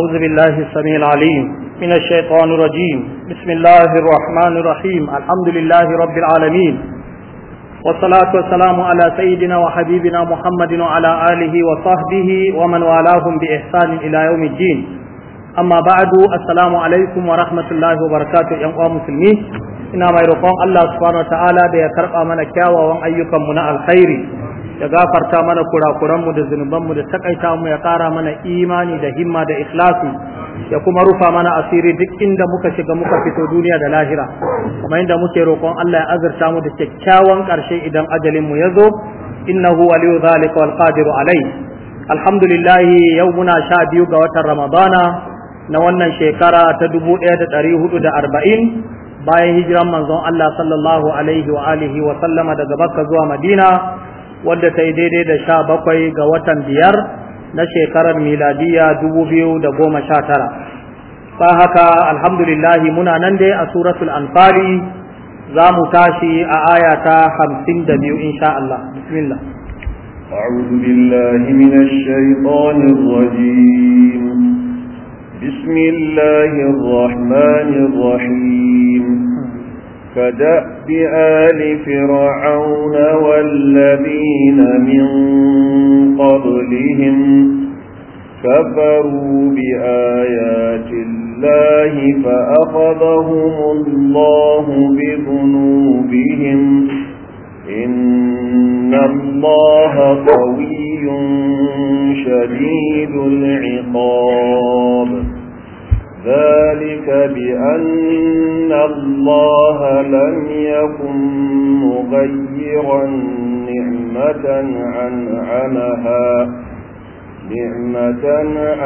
أعوذ بالله السميع العليم من الشيطان الرجيم بسم الله الرحمن الرحيم الحمد لله رب العالمين والصلاة والسلام على سيدنا وحبيبنا محمد وعلى آله وصحبه ومن والاهم بإحسان إلى يوم الدين أما بعد السلام عليكم ورحمة الله وبركاته يا مسلمين إنما يرقون الله سبحانه وتعالى بيكرق من كاوى وأن أيكم من الخير ya gafarta mana kurakuranmu da zunubanmu da takaita mu ya kara mana imani da himma da ikhlasi ya kuma rufa mana asiri duk inda muka shiga muka fito duniya da lahira kuma inda muke roƙon Allah ya azurta mu da kyakkyawan ƙarshe idan ajalin mu ya zo innahu waliyu zalika wal qadiru alai alhamdulillah yau muna sha biyu ga watan ramadana na wannan shekara ta dubu da ɗari hudu da arba'in bayan hijiran manzon Allah sallallahu alaihi wa alihi wa sallama daga Makka zuwa Madina wadda ta yi daidai da sha bakwai ga watan biyar na shekarar miladiya dubu biyu da goma sha tara ba haka alhamdulillahi muna nan dai a suratul anfari za mu tashi a aya ta hamsin da biyu insha Allah bismillah أعوذ بالله من الشيطان الرجيم بسم الله الرحمن الرحيم كدأب آل فرعون والذين من قبلهم كفروا بآيات الله فأخذهم الله بذنوبهم إن الله قوي شديد العقاب ذلك بأن الله لم يكن مغيرا نعمة أنعمها نعمة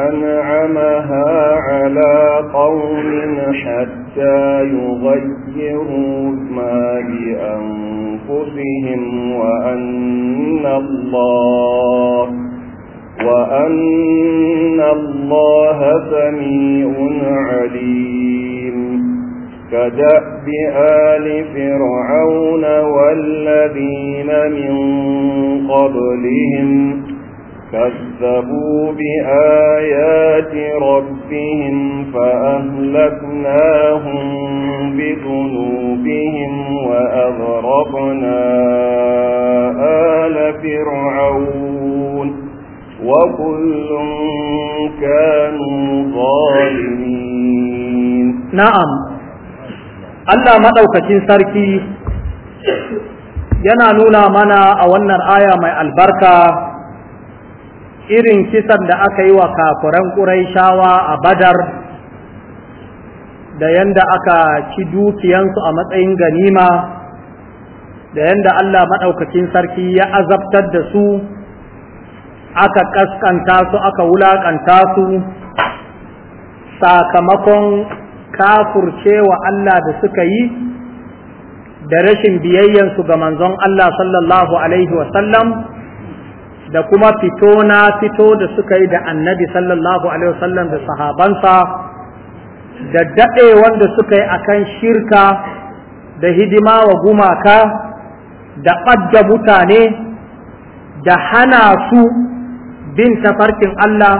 أنعمها على قوم حتى يغيروا ما بأنفسهم وأن الله وأن الله سميع عليم كدأب آل فرعون والذين من قبلهم كذبوا بآيات ربهم فأهلكناهم بذنوبهم وأغرقنا آل فرعون وكل كانوا ظالمين نعم الله yana nuna mana a wannan aya mai albarka irin kisan da aka yi wa kafuran ƙuraishawa a badar da yanda aka ci dukiyansu a matsayin ganima da yanda Allah maɗaukacin sarki ya azabtar da su aka kaskanta su aka wulakanta su sakamakon kafurcewa Allah da suka yi da rashin biyayyansu ga manzon Allah sallallahu alaihi wasallam da kuma fito na fito da suka yi da annabi sallallahu alaihi wasallam da sahabansa da daɗe wanda suka yi akan shirka da hidima wa gumaka da ɓadda mutane da hana su bin tafarkin Allah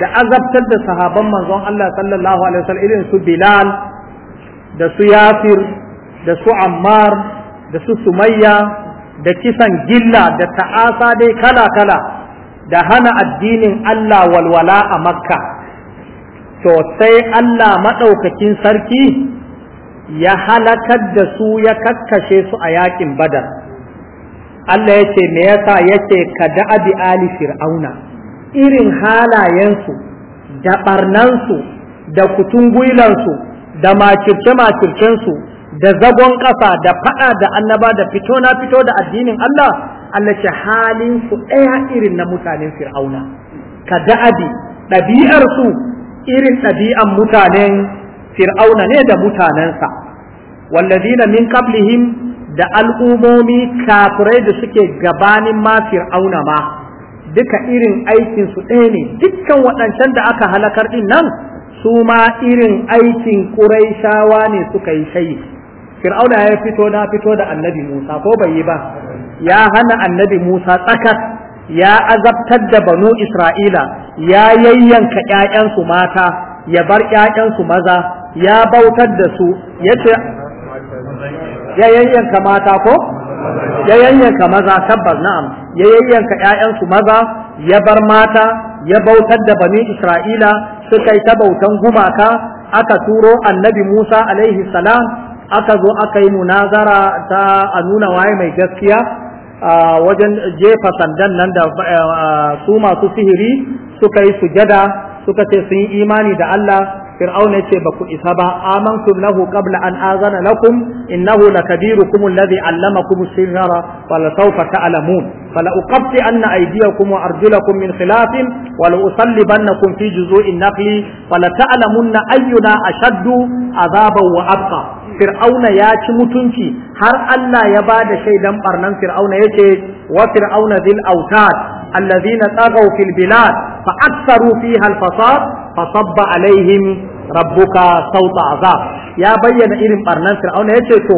da azabtar da sahaban manzon Allah sallallahu alaihi wasallam irin su Bilal da su Yafir da su Ammar da su Sumayya da kisan gilla da ta'asa dai kala kala da hana addinin Allah walwala a Makka to sai Allah madaukakin sarki ya halakar da su ya kakkashe su a yakin Badar Allah ya ce me yasa ya ce ka bi ali fir'auna irin halayensu da ɓarnansu da kutungwilansu da makirce-makircensu da zagon ƙasa da faɗa da annaba da fito na fito da addinin Allah Allah ce halinsu ɗaya irin na mutanen fir'auna ka bi ɗabi'arsu irin ɗabi'an mutanen fir'auna ne da mutanensa wallazina min qablihim da al'umomi kafirai da suke gabanin ma fir'auna ma duka irin aikin su ɗaya ne dukkan waɗancan da aka halakar din nan su ma irin aikin ƙuraishawa ne suka yi shayi fir'auna ya fito na fito da annabi musa ko bai yi ba ya hana annabi musa tsakar ya azabtar da banu isra'ila ya yayyanka ƴaƴansu mata ya bar ƴaƴansu maza ya bautar da su yace ya yayyanka mata ko ya yayyanka maza tabbas na'am ya yayyanka ƴaƴansu maza ya bar mata ya bautar da bani Isra'ila suka yi ta bautan gumaka aka turo annabi Musa alaihi salam aka zo aka yi munazara ta a nuna waye mai gaskiya wajen jefa sandan nan da su masu sihiri suka yi sujada suka ce sun yi imani da Allah fir'auna yace ba ku isa ba amantum lahu qabla an azana lakum innahu lakabirukum alladhi kuma sirra wala sawfa ta'lamun fala uqatti anna aydiyakum wa arjulakum min khilafin wala usallibannakum fi juzu'in naqli wala ta'lamunna ayyuna ashaddu azaban wa abqa fir'auna ya ci mutunci har Allah ya ba da shaidan ɓarnan. fir'auna yace wa fir'auna dhil autad alladhina tagaw fil bilad fa aktharu fiha al fasad فصب عليهم rabbuka sauta azab ya bayyana irin barnan fir'auna yace to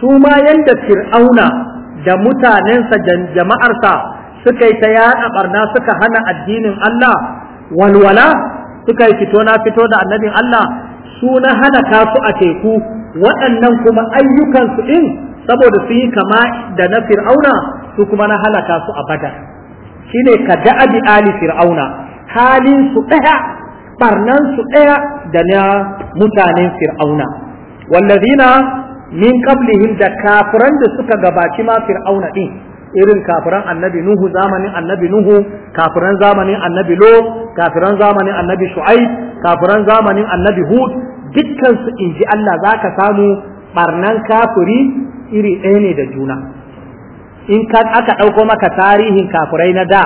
su ma yanda fir'auna da mutanensa jama'arsa suka yi ta yaɗa barna suka hana addinin Allah walwala suka yi fito na fito da annabin Allah su na hana kasu a teku waɗannan kuma ayyukansu ɗin saboda su yi kama da na fir'auna su kuma na halaka su a badar shine ka da'abi ali fir'auna halin su ɗaya barnan su ɗaya da na mutanen fir'auna wallazina min qablihim da kafiran da suka gabaci ma fir'auna din irin kafiran annabi nuhu zamanin annabi nuhu kafiran zamanin annabi lo kafiran zamanin annabi shu'aib kafiran zamanin annabi hud dukkan su inji Allah zaka samu barnan kafiri iri ɗaya ne da juna in aka ɗauko maka tarihin kafirai na da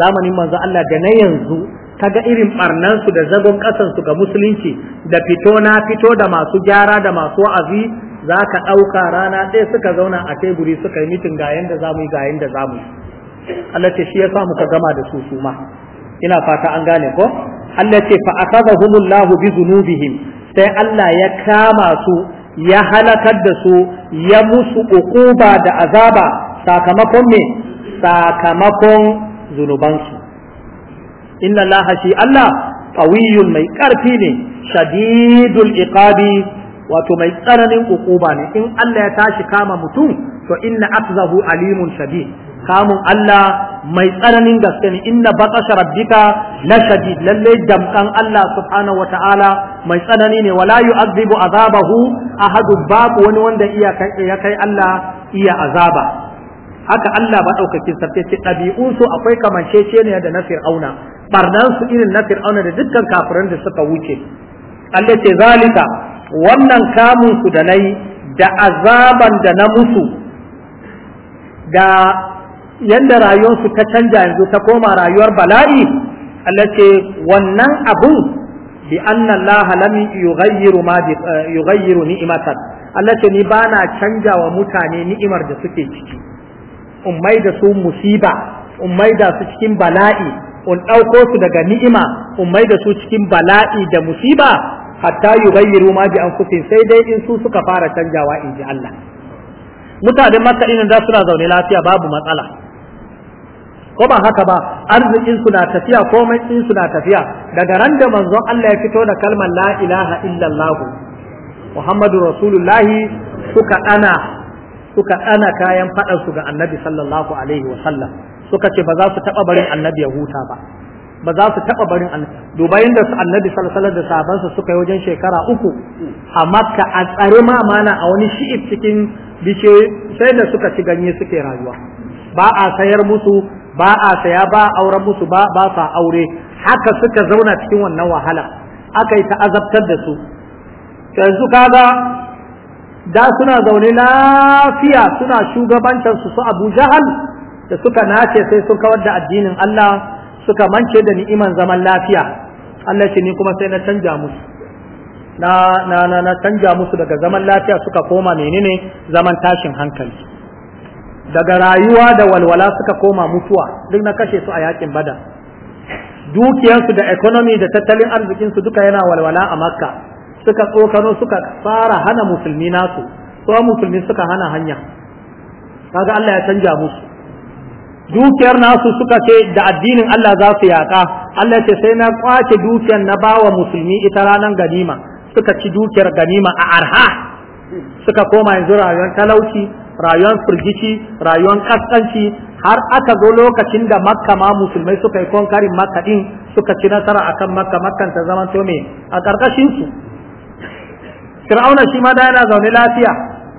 zamanin manzo Allah da na yanzu ga irin barnansu da zagon ƙasansu ga musulunci da fito na fito da masu gyara da masu wa'azi za ka ɗauka rana ɗaya suka zauna a teburi suka yi mitin ga yanda za yi ga yanda za yi Allah ce shi ya sa muka gama da su su ma ina fata an gane ko Allah ce fa akadahumullahu bi zunubihim sai Allah ya kama su ya halakar da su ya musu uquba da azaba sakamakon me sakamakon zunubansu inna allaha shi Allah qawiyyun mai karfi ne shadidul iqabi wato mai tsananin ukuba ne in Allah ya tashi kama mutum to inna aqzahu alimun shadid kamun Allah mai tsananin gaske ne inna batasha rabbika la shadid lalle damkan Allah subhanahu wataala mai tsanani ne wala yu'adhibu azabahu ahadu babu wani wanda iya kai Allah iya azaba haka Allah maɗaukakin sarki ce ɗabi'un su akwai kamanceceniya da na fir'auna barnan su irin na fir'auna da dukkan kafiran da suka wuce Allah ce zalika wannan kamun su da nayi da azaban da na musu da yanda rayuwarsu ta canja yanzu ta koma rayuwar bala'i Allah ce wannan abun bi anna Allah lam yughayyiru ma eh, yughayyiru ni'matan Allah ce ni bana canja wa mutane ni'imar da suke ciki in mai da su musiba in mai da su cikin bala'i in ɗauko su daga ni'ima in mai da su cikin bala'i da musiba hatta yughayyiru ma bi kufin, sai dai in su suka fara canjawa in ji Allah mutanen Makka din da suna zaune lafiya babu matsala ko ba haka ba arzikin su na tafiya komai in su na tafiya daga ran da manzon Allah ya fito da kalmar la ilaha illallah Muhammadu Rasulullahi suka ana suka ana kayan faɗan su ga annabi sallallahu alaihi wa sallam suka ce ba za su taɓa barin annabi ya huta ba ba za su taɓa barin annabi duba yadda annabi sallallahu alaihi da sahabansa suka yi wajen shekara uku a makka a tsare ma mana a wani shi'if cikin bishe sai da suka ci ganye suke rayuwa ba a sayar musu ba a saya ba a auren musu ba ba sa aure haka suka zauna cikin wannan wahala aka yi ta azabtar da su yanzu kaga da suna zaune lafiya suna shugabantar su su Abu Jahal da suka nace sai sun kawar da addinin Allah suka mance da ni'iman zaman lafiya Allah ce ni kuma sai na canja musu na na na, na canja musu daga zaman lafiya suka koma menene zaman tashin hankali daga rayuwa da walwala suka koma mutuwa duk na kashe su a yakin bada dukiyarsu da economy da tattalin arzikinsu duka yana walwala a makka suka tsokano suka fara hana musulmi nasu kuma musulmi suka hana hanya kaga Allah ya canja musu dukiyar nasu suka ce da addinin Allah za su yaƙa Allah ce sai na kwace dukiyar na ba wa musulmi ita ranar ganima suka ci dukiyar ganima a arha suka koma yanzu rayuwar talauci rayuwar firgici rayuwar kaskanci har aka zo lokacin da makama ma musulmai suka yi konkarin makka din suka ci nasara akan makka makkan ta zama to a ƙarƙashin fir'auna shi ma da yana zaune lafiya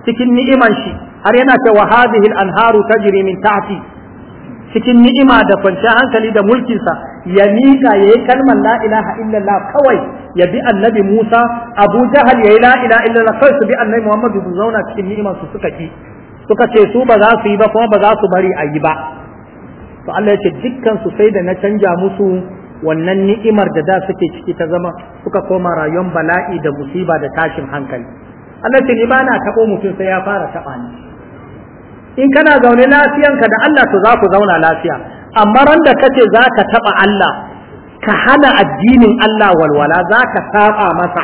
cikin ni'iman shi har yana cewa hadhihi al-anharu tajri min tahti cikin ni'ima da kwanciyar hankali da mulkinsa ya miƙa ya yi kalmar la ilaha illallah kawai ya bi annabi Musa Abu Jahal ya yi la ilaha illallah kawai su bi annabi Muhammadu su zauna cikin ni'imar su suka ki suka ce su ba za su yi ba kuma ba za su bari a yi ba to Allah ya ce dukkan su sai da na canja musu wannan ni'imar da da suke ciki ta zama suka koma rayuwar bala'i da musiba da tashin hankali Allah ce ni bana tabo mutum sai ya fara taba ni in kana zaune lafiyanka da Allah to za ku zauna lafiya amma ran da kace za ka taba Allah ka hana addinin Allah walwala za ka saba masa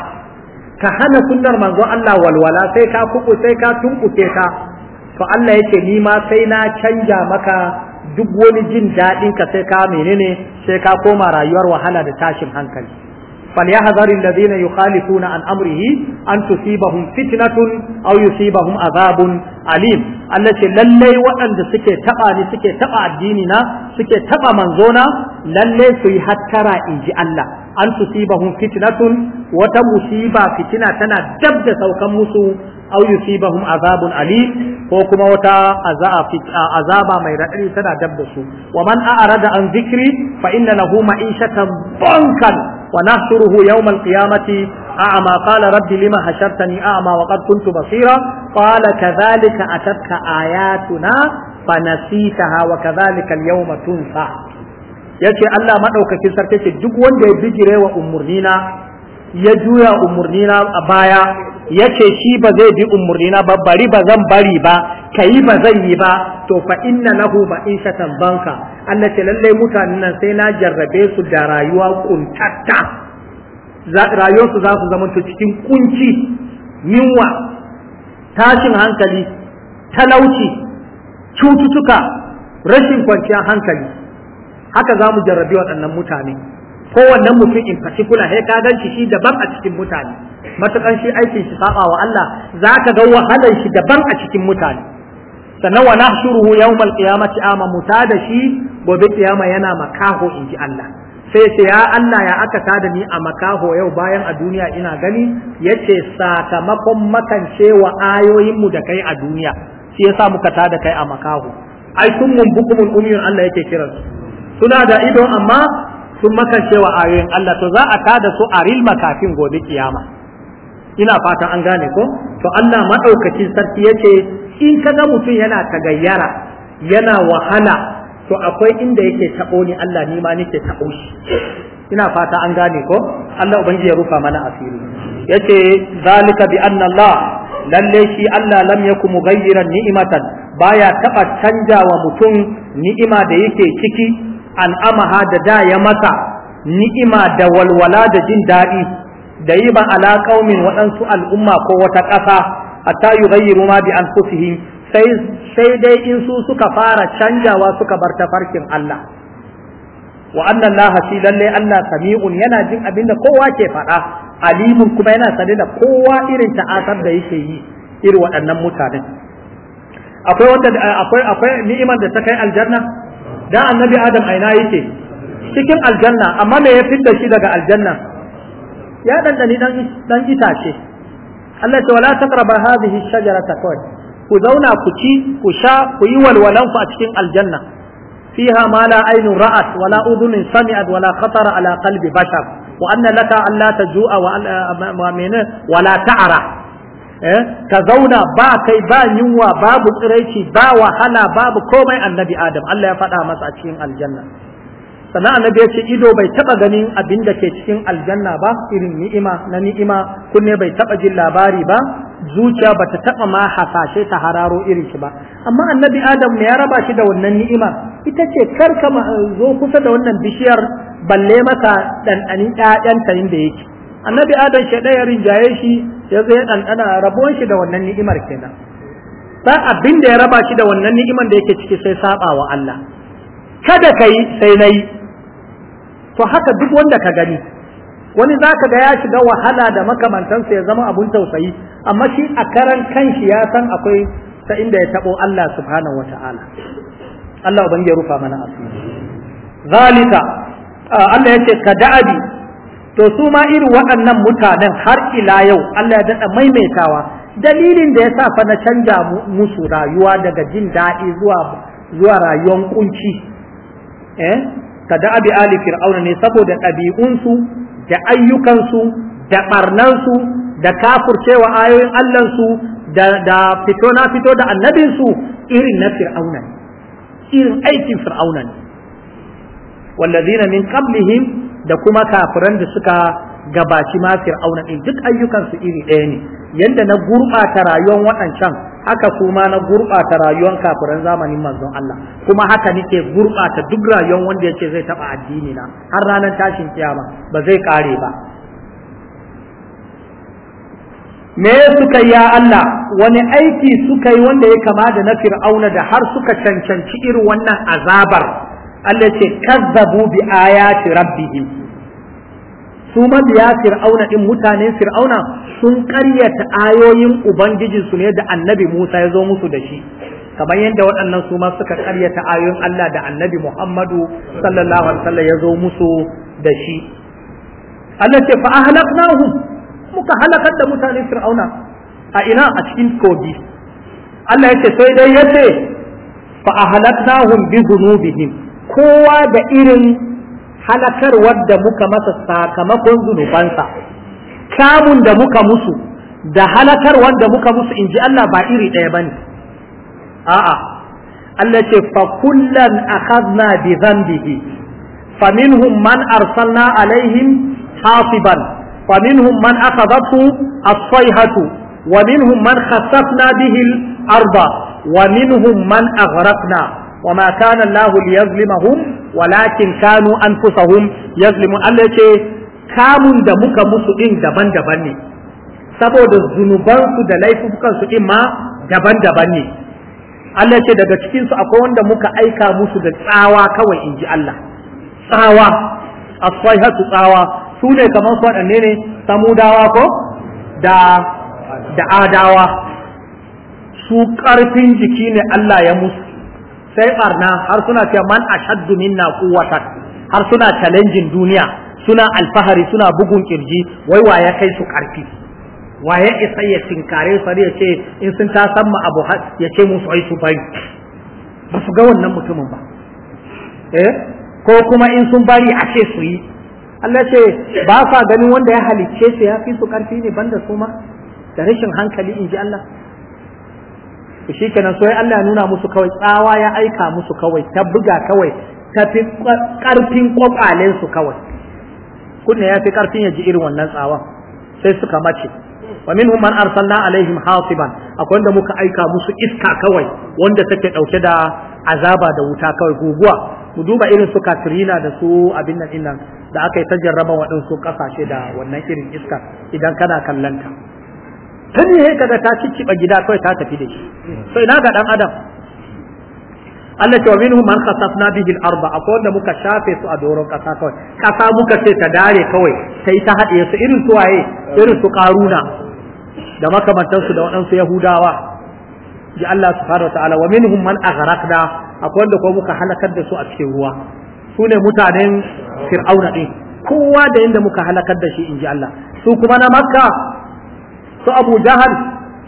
ka hana sunnar manzo Allah walwala sai ka kuku sai ka tunkuce ka to Allah yake ni ma sai na canja maka duk wani jin daɗinka sai ka menene sai ka koma rayuwar wahala da tashin hankali falyahdharu alladhina yukhalifuna an amrihi an tusibahum fitnatun aw yusibahum azabun alim allace lallai waɗanda suke taɓa ni suke taɓa addini na suke taɓa manzona lallai su yi hattara in ji Allah an tusibahum fitnatun wata musiba fitina tana dab da saukan musu aw yusibahum azabun alim ko kuma wata azaba mai raɗaɗi tana dab da su wa man a'rada an zikri fa inna lahu ma'ishatan bankan wa nahshuruhu yawm al-qiyamati a'ma qala rabbi lima hashartani a'ma wa qad kuntu basira qala kadhalika atatka ayatuna fanasitaha wa kadhalika al-yawma tunsa yace Allah madaukakin sarki duk wanda ya bijire wa umurnina ya juya umurnina a baya Yace ce shi ba zai bi umarnina ba bari ba zan bari ba ka yi ba zan yi ba to fa inna lahu ba in shatan banka Allah ce lallai mutanen nan sai na jarrabe su da rayuwa kuntatta rayuwarsu za su zama cikin kunci yunwa tashin hankali talauci cututtuka rashin kwanciyar hankali haka za mu jarrabe waɗannan mutane kowannen mutum in particular sai ka gan shi shi daban a cikin mutane matukan shi aikin shi saba wa Allah za ka ga wahalar shi daban a cikin mutane sannan wa nahshuruhu yawmal qiyamati ama muta da shi gobe kiyama yana makaho in ji Allah sai ce ya Allah ya aka tada ni a makaho yau bayan a duniya ina gani yace sakamakon wa ayoyin mu da kai a duniya shi yasa muka tada kai a makaho ai tun mun bukumul umiyun Allah yake kiransu suna da ido amma sun makance wa ayoyin Allah to za a tada su a ril makafin gobe kiyama ina fatan an gane ko to Allah madaukakin sarki yace in kaga mutum yana tagayyara yana wahala to akwai inda yake tabo ni Allah ni ma nake tabo shi ina fata an gane ko Allah ubangi ya rufa mana asiri yace zalika bi anna Allah lalle shi Allah lam yaku mughayyiran ni'matan baya taba canja wa mutum ni'ima da yake ciki Al'amaha da da ya masa ni'ima da walwala da jin daɗi da yi ba ala ƙaumin waɗansu al'umma ko wata ƙasa a ta yi ma bi anfusihim sai sai dai in su suka fara canjawa suka bar farkin Allah wa annan laha shi lalle Allah sami'un yana jin abinda da kowa ke faɗa alimun kuma yana sane da kowa irin ta'asar da yake yi irin waɗannan mutanen akwai wanda akwai akwai ni'imar da ta kai aljanna da annabi adam aina yake cikin aljanna amma me ya fitar shi daga aljanna ya dandani dan dan itace Allah ta wala taqrabu hadhihi shajarata kawai ku zauna ku ci ku sha ku yi walwalan ku a cikin aljanna fiha ma la aynun ra'at wala udhunun sami'at wala khatara ala qalbi bashar wa anna laka an la taju'a wa wa wala ta'ara Eh? ka zauna ba kai ba yunwa babu tsiraici ba wahala babu komai annabi adam Allah ya faɗa masa a cikin aljanna sannan annabi ya ce ido bai taɓa ganin abin da ke cikin aljanna ba irin ni'ima na ni'ima kunne bai taɓa jin labari ba zuciya ba ta taɓa ma hasashe ta hararo irin shi ba amma annabi adam ne ya raba shi da wannan ni'ima ita ce kar ka zo kusa da wannan bishiyar balle masa ɗanɗanin ƴaƴanta inda yake annabi adam shi ɗaya rinjaye shi ya zai ɗanɗana rabuwan shi da wannan ni'imar kenan ba abin da ya raba shi da wannan ni'imar da yake ciki sai saba wa Allah kada kai sai nayi to haka duk wanda ka gani wani za ka ga ya shiga wahala da makamantansa ya zama abun tausayi amma shi a karan kanshi ya san akwai ta inda ya tabo Allah subhanahu wa ta'ala Allah ubangi ya rufa mana asiri zalika Allah yace ka da'abi to su ma irin waɗannan mutanen har ila yau Allah ya daɗa maimaitawa dalilin da ya sa fa na canja musu rayuwa daga jin daɗi zuwa zuwa rayuwar kunci eh kada abi ali fir'auna ne saboda ɗabi'unsu da ayyukansu da ɓarnansu da kafurcewa ayoyin allansu da da fito na fito da annabinsu irin na fir'auna irin aikin fir'auna ne wallazina min qablihim da kuma kafiran da suka gabaci ma fir'auna din duk ayyukansu iri ɗaya ne yadda na gurɓata rayuwar waɗancan haka kuma na gurɓata rayuwar kafiran zamanin manzon Allah kuma haka nake gurɓata duk rayuwar wanda yake zai taɓa addini na har ranar tashin kiyama ba zai ƙare ba me suka ya Allah wani aiki suka yi wanda ya kama da na fir'auna da har suka cancanci irin wannan azabar Allah ce kazzabu bi ayati rabbihim su mabiya fir'auna din mutanen fir'auna sun karyata ayoyin ubangijinsu ne da annabi Musa ya zo musu da shi kamar yadda waɗannan su ma suka karyata ayoyin Allah da annabi Muhammadu sallallahu alaihi wasallam ya zo musu da shi Allah ce fa ahlaknahum muka halakar da mutanen fir'auna a ina a cikin kogi Allah ya ce sai dai ya ce fa ahlaknahum bi dhunubihim kowa da irin halakarwar da muka masa sakamakon zunubansa kamun da muka musu da halakarwar da muka musu in ji Allah ba iri ɗaya ba ne a'a Allah ce fa kullan akhadna bi dhanbihi fa minhum man arsalna alaihim hasiban fa minhum man akhadathu as-sayhatu wa minhum man khasafna bihi al-arda wa minhum man aghraqna wa ma kana Allah liyazlimahum walakin kanu anfusahum yazlimun Allah ce kamun da muka musu din daban-daban ne saboda zunubansu da laifukan su din ma daban-daban ne Allah ce daga cikin su akwai wanda muka aika musu da tsawa kawai inji Allah tsawa akwai sayhatu tsawa su ne kamar su waɗanne ne samudawa ko da da adawa su ƙarfin jiki ne Allah ya musu sai barna har suna cewa man ashaddu minna quwwatan har suna challenging duniya suna alfahari suna bugun kirji wai wa ya kai su karfi wa isa ya tinkare su ya ce in sun ta san abu ya ce musu ai su bari ba su ga wannan mutumin ba eh ko kuma in sun bari a ce su yi Allah ce ba sa ganin wanda ya halicce su ya fi su karfi ne banda su ma da rashin hankali in ji Allah shi kenan sai Allah ya nuna musu kawai tsawa ya aika musu kawai ta buga kawai ta fi karfin kwakwalen su kawai kunne ya fi karfin ya ji irin wannan tsawa sai suka mace wa minhum man arsalna alaihim hasiban akwai wanda muka aika musu iska kawai wanda take dauke da azaba da wuta kawai guguwa mu duba irin su katrina da su abin nan da aka yi ta jarraba waɗansu ƙasashe da wannan irin iska idan kana kallanta ta ne sai kaga ta cicciba gida kawai ta tafi da shi so ina ga dan adam Allah ce wa minhum man khasafna bihi al-arba akwai wanda muka shafe su a doron kasa kawai kasa muka ce ta dare kawai sai ta haɗe su irin su waye irin su karuna da makamantansu da waɗansu yahudawa ji Allah subhanahu wa ta'ala wa minhum man aghraqna akwai wanda ko muka halakar da su a cikin ruwa su ne mutanen fir'auna ɗin kowa da inda muka halakar da shi in ji Allah su kuma na makka su abu jahal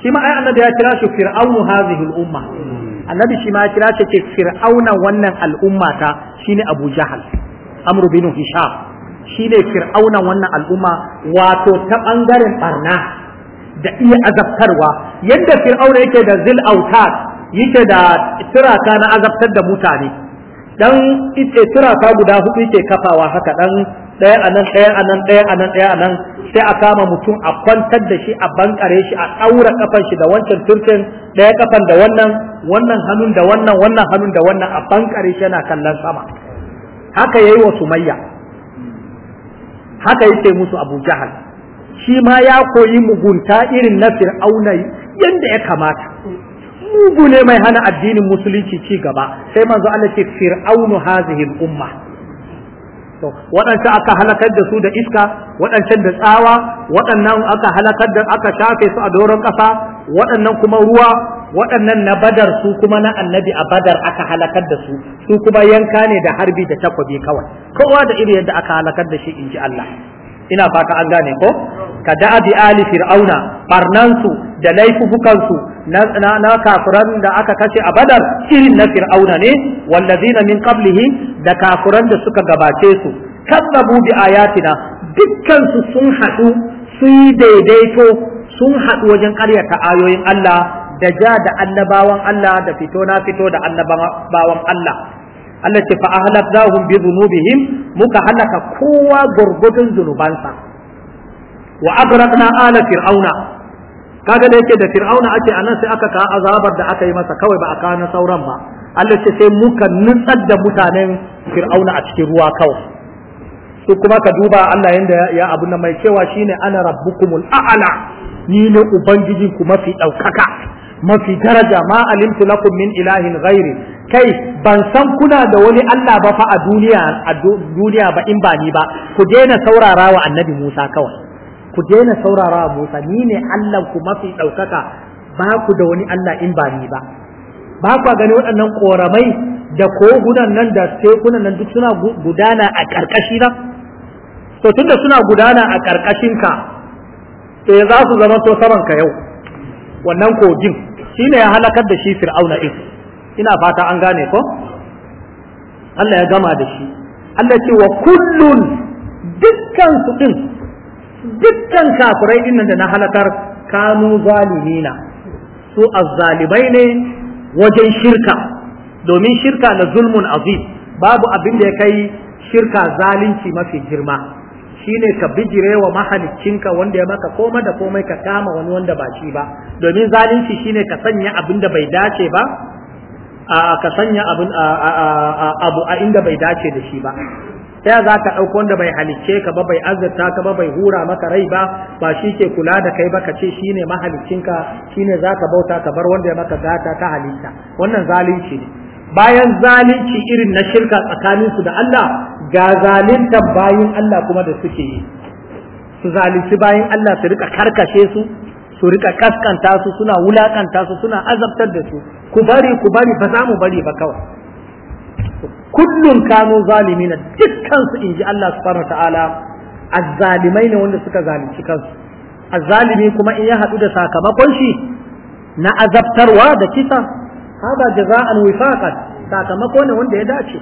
shi ma ai annabi ya kira shi fir'aunu hadhihi al-umma hmm. annabi shi ma ya kira shi ce fir'auna wannan al'umma ta shine abu jahal amru bin hisham shine fir'auna wannan al'umma wato ta bangaren barna da iya azabtarwa yadda fir'auna yake da zil autar yake da tirata na azabtar da mutane dan ita guda hudu yake kafawa haka dan ɗaya a nan ɗaya a nan ɗaya a nan ɗaya a nan sai a kama mutum a kwantar da shi a bankare shi a ɗaura kafan shi da wancan turkin ɗaya kafan da wannan wannan hannun da wannan wannan hannun da wannan a bankare shi yana kallon sama haka yayi wa sumayya haka yake musu abu jahal shi ma ya koyi mugunta irin na fir'auna yadda ya kamata mugu ne mai hana addinin musulunci ci gaba sai manzo Allah ce fir'aunu hazihi umma waɗancan aka halakar da su da iska waɗancan da tsawa waɗannan aka halakar da aka shafe su a doron ƙasa waɗannan kuma ruwa waɗannan na badar su kuma na annabi a badar aka halakar da su su kuma yanka ne da harbi da takwabi kawai kowa da iri yadda aka halakar da shi in ji Allah ina fata an gane ko ka bi ali fir'auna barnansu da laifukansu na na kafiran da aka kashe a badar irin na fir'auna ne wallazina min qablihi da kafiran da suka gabace su kazzabu bi ayatina dukkansu sun haɗu sun yi daidaito sun haɗu wajen karyata ayoyin Allah da ja da annabawan Allah da fito na fito da annabawan Allah Allah ce fa ahlaknahum bi dhunubihim muka halaka kowa gurgudun zunubansa wa agraqna ala fir'auna kaga da yake da fir'auna ake anan sai aka ka azabar da aka yi masa kawai ba a kana sauran ba Allah ce sai muka nutsar da mutanen fir'auna a cikin ruwa kawai su kuma ka duba Allah yanda ya abu na mai cewa shine ana rabbukumul a'la ni ne ubangijinku mafi daukaka mafi daraja ma alimtu lakum min ilahin ghairi kai ban san kuna da wani Allah ba fa a duniya a duniya ba in ba ni ba ku daina saurara wa annabi Musa kawai ku daina saurara Musa ni ne Allah ku mafi ɗaukaka ba ku da wani Allah in ba ni ba ba ku gani waɗannan koramai da kogunan nan da tekunan nan duk suna gudana a ƙarƙashi na to tunda suna gudana a ƙarƙashinka to za su zama to ka yau wannan kogin shine ya halakar da shi fir'auna din ina fata an gane ko Allah ya gama da shi Allah ce wa kullun dukkan su dukkan kafirai din da na halakar kanu zalimina su azzalibai ne wajen shirka domin shirka na zulmun azim babu abin da ya kai shirka zalunci mafi girma shine ka bijire wa mahaliccinka wanda ya maka koma da komai ka kama wani wanda ba shi ba domin zalunci shine ka sanya abin da bai dace ba a ka sanya abu a inda bai dace da shi ba ta za ka ɗauko wanda bai halicce ka ba bai azurta ka ba bai hura maka rai ba ba shi ke kula da kai ba ka ce shi ne mahaliccinka shi ne za ka bauta ka bar wanda ya maka gata ka halitta wannan zalunci ne bayan zalunci irin na shirka tsakanin su da Allah ga zaluntar bayin Allah kuma da suke yi su zalunci bayan Allah su rika karkashe su su rika kaskanta su suna wulakanta su suna azabtar da su ku bari ku bari ba za mu bari ba kawai kullun kanu na dukkan su inji Allah subhanahu ta'ala azzalimai ne wanda suka zalunci kansu azzalimi kuma in ya haɗu da sakamakon shi na azabtarwa da kisa hada jaza'an wifaqan sakamako ne wanda ya dace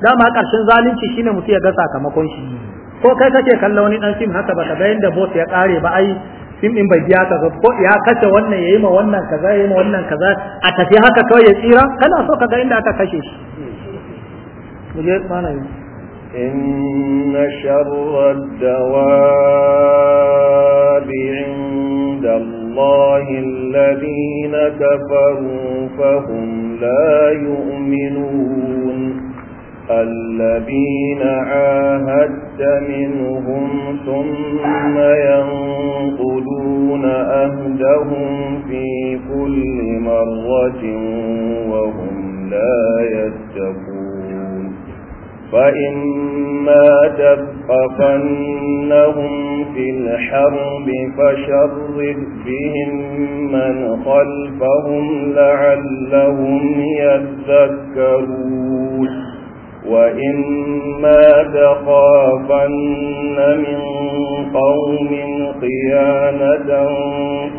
dama ƙarshen zalunci shine mutum ya ga sakamakon shi ko kai kake kalla wani dan fim haka baka ga yanda boss ya kare ba ai fim din bai biya ka ko ya kace wannan yayi ma wannan kaza yayi ma wannan kaza a tafi haka kawai ya tsira kana so ka ga inda aka kashe shi إن شر الدواب عند الله الذين كفروا فهم لا يؤمنون الذين عاهدت منهم ثم ينقلون أهدهم في كل مرة وهم لا يتقون فإما تثقفنهم في الحرب فشرد بهم من خلفهم لعلهم يذكرون وإما تخافن من قوم قِيَامَةً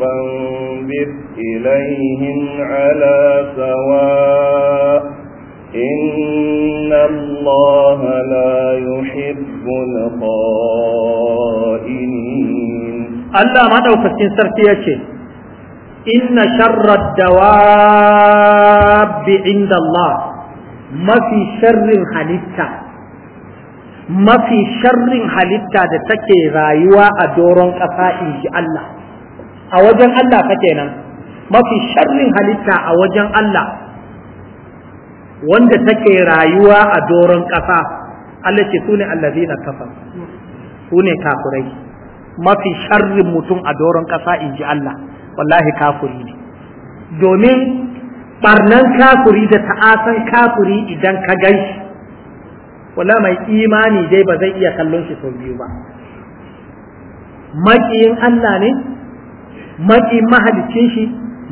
فانبذ إليهم على سواء إن الله لا يحب الخائنين الله ما دوكتين سرتي إن شر الدواب عند الله ما في شر حليتا ما في شر حليتا da take rayuwa a doron ƙasa in ji Allah a wajen Allah fa kenan mafi sharrin halitta a wajen Allah wanda take rayuwa a doron ƙasa Allah ce sune allazina kafar sune kafurai mafi sharrin mutum a doron ƙasa in ji Allah wallahi kafuri ne domin barnan kafuri da ta'asan kafuri idan ka gan shi wala mai imani dai ba zai iya kallon shi sau biyu ba maƙiyin Allah ne maƙiyin mahalicin shi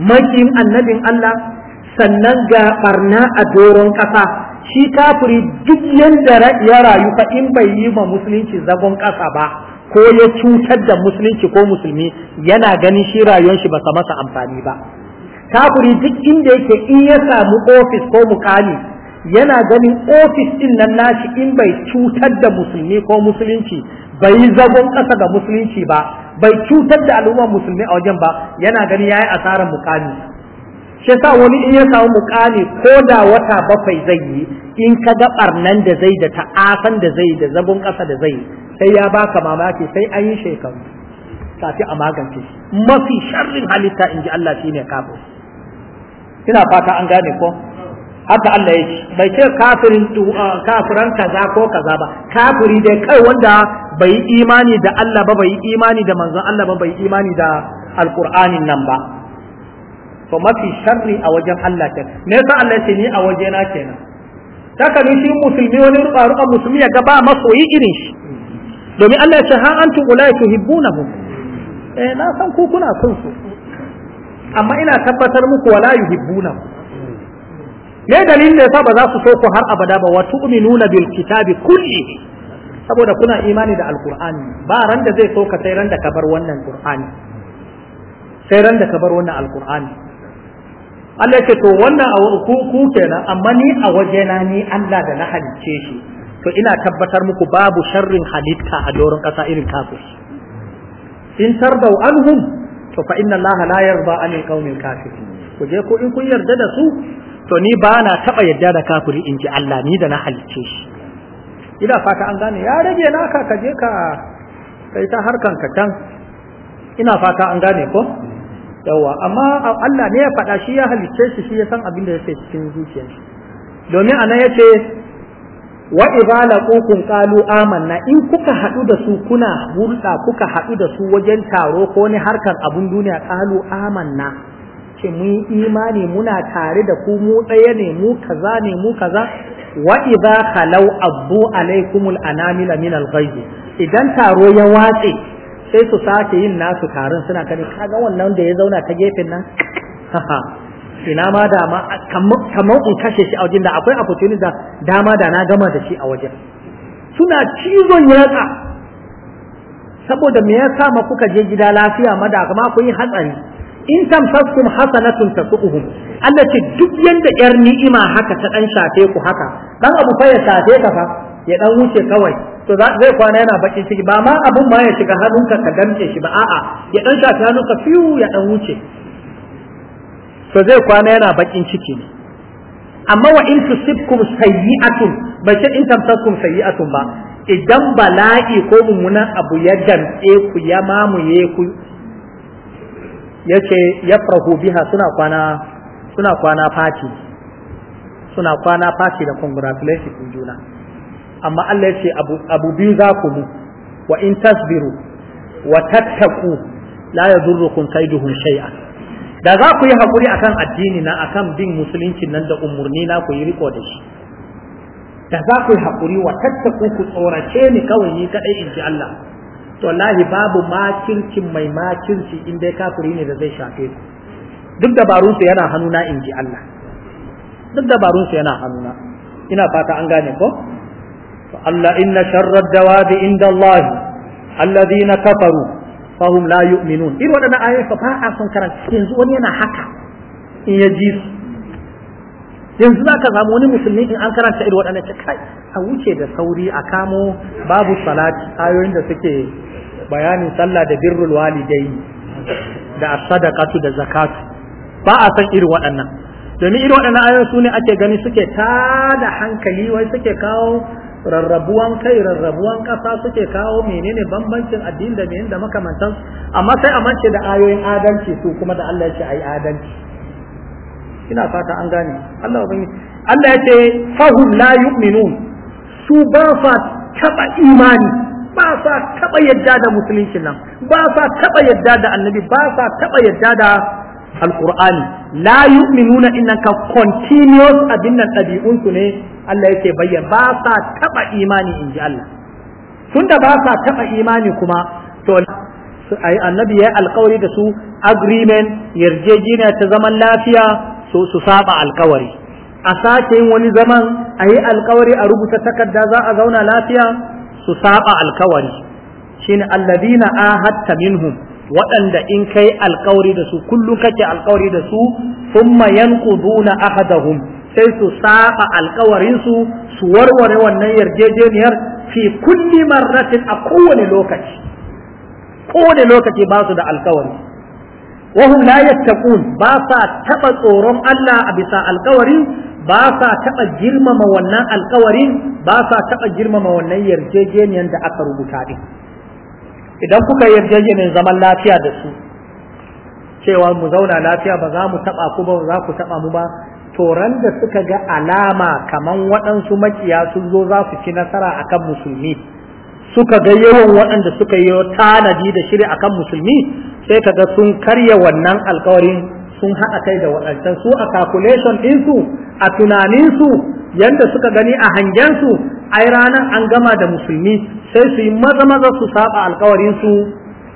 maƙiyin annabin Allah sannan ga barna a doron ƙasa shi kafiri duk yadda ya rayu fa in bai yi ma musulunci zagon ƙasa ba ko ya cutar da musulunci ko musulmi yana ganin shi rayuwar shi ba sa masa amfani ba kafiri duk inda yake in ya samu ofis ko mukali yana ganin ofis din nan nashi in bai cutar da musulmi ko musulunci bai zagon ƙasa ga musulunci ba bai cutar da al'ummar musulmi a wajen ba yana ganin yayi asarar mukami shi sa wani in ya samu mukami ko da wata bakwai zai yi in ka ga barnan da zai da ta'asan da zai da zabun ƙasa da zai sai ya ba ka mamaki sai an yi shekaru kafi a magance shi mafi sharrin halitta in ji Allah ne kafin. ina fata an gane ko haka Allah ya ce. bai ce kafirin kafiran kaza ko kaza ba kafiri dai kai wanda bai imani da Allah ba bai imani da manzon Allah ba bai imani da alqur'anin nan ba to mafi sharri a wajen Allah ke me yasa Allah ce ni a waje na kenan taka ni shi musulmi wani ruba ruba musulmi ya ga ba masoyi irin shi domin Allah ya ce ha antum ulai tuhibbunahu eh na san ku kuna son su amma ina tabbatar muku wala yuhibbunahu me dalilin da yasa ba za su so ku har abada ba wa tu'minuna bil kitabi kullihi saboda kuna imani da alqur'ani ba ran da zai so ka sai ran da ka bar wannan qur'ani sai ran da ka bar wannan alqur'ani Allah ce to wannan a ku ku kenan amma ni a wajena ni Allah da na halicce shi to ina tabbatar muku babu sharrin halitta a doron ƙasa irin kafir in tardau anhum to fa inna Allah la yarda anil qaumil ku je ko in kun yarda da su to ni ba na taɓa yarda da kafiri in ji Allah ni da na halicce shi ina fata an gane ya rage naka ka je ka kai ta harkan ka tan. ina fata an gane ko yawa amma Allah ne ya faɗa shi ya halicce shi shi ya san abin da yake cikin zuciyar shi domin anan yace wa ibala qukun kalu amanna in kuka haɗu da su kuna hulɗa kuka haɗu da su wajen taro ko ne harkar abun duniya kalu amanna ce mun imani muna tare da ku mu tsaye ne mu kaza ne mu kaza wa idza khalau abbu alaikumul anamila min al idan taro ya watse sai su sake yin nasu karin suna kani kaga wannan da ya zauna ta gefen nan ina ma da kamar in kashe shi a wajen da akwai opportunity da dama da na gama da shi a wajen suna cizon yatsa saboda me yasa ma kuka je gida lafiya ma da kuma ku yi hatsari in fasum hasanatun tasuhum Allah ce duk yanda yar ni'ima haka ta dan shafe ku haka dan abu fa ya shafe ka fa ya dan wuce kawai to zai kwana yana bakin ciki ba ma abun ma ya shiga hannunka ka damke shi ba a'a ya dan shafi hannunka fiyu ya dan wuce to zai kwana yana bakin ciki ne amma wa in tusibkum sayyi'atun bai ce in tamsakum sayyi'atun ba idan bala'i ko mummunan abu ya damce ku ya mamuye ku yace farhu biha suna kwana suna kwana fati suna kwana fati da congratulations juna amma Allah ya ce abu biyu za ku mu wa in tasbiru wa tattaku la kai kaiduhum shay'a da za ku yi haƙuri akan addini na akan bin musulunci nan da umarni na ku yi riko da shi da za ku yi haƙuri wa tattaku ku tsorace ni kawai ni kadai in ji Allah to lahi babu makircin mai makirci in dai kafiri ne da zai shafe ku duk dabarunsu yana hannuna in ji Allah duk dabarunsu yana hannuna ina fata an gane ko Allah inna sharrad dawabi inda Allah alladhina kafaru fahum la yu'minun irin waɗannan ayoyi fa son karanta yanzu wani yana haka in ya ji su yanzu za ka samu wani musulmi in an karanta irin waɗannan ce a wuce da sauri a kamo babu salati kayoyin da suke bayanin sallah da birrul walidai da sadaqatu da zakatu ba a irin waɗannan domin irin waɗannan su ne ake gani suke tada hankali wai suke kawo rarrabuwan kai rarrabuwan kasa suke kawo menene bambancin addini da menene da makamantan amma sai a mance da ayoyin adalci su kuma da Allah ya ce ayi adalci ina fata an gane Allah ubangi Allah ya ce fahum la yu'minun su ba sa taba imani ba sa taba yadda da musulunci nan ba sa taba yadda da annabi ba sa taba yadda da alqur'ani la yu'minuna innaka continuous abin nan dabi'un ne Allah yake bayyana ba sa taba imani inji Allah tunda ba sa taba imani kuma to annabi ya alkawari da su agreement yarjejeniya ta zaman lafiya so su saba alkawari a sake yin wani zaman a yi alkawari a rubuta takarda za a zauna lafiya su saba alkawari shine alladina ahadta minhum waɗanda in kai alkawari da su kullum kake alkawari da su thumma yanquduna ahadahum sai su saba alkawarin su su warware wannan yarjejeniyar fi kulli marratin a kowane lokaci kowane lokaci ba su da alkawari wahum la yattaqun ba sa taba tsoron Allah a bisa alkawari ba sa taba girmama wannan alkawarin ba sa taba girmama wannan yarjejeniyar da aka rubuta din idan kuka yarjejenin zaman lafiya da su cewa mu zauna lafiya ba za mu taba ku ba za ku taba mu ba toran da suka ga alama kaman waɗansu makiya sun zo za su ci nasara akan musulmi suka ga yawan waɗanda suka yi tanadi da shiri akan musulmi sai ka ga sun karya wannan alkawarin sun haɗa kai da waɗancan su a calculation ɗinsu a tunaninsu yadda suka gani a hangen su ai ranar an gama da musulmi sai su yi maza maza su saba su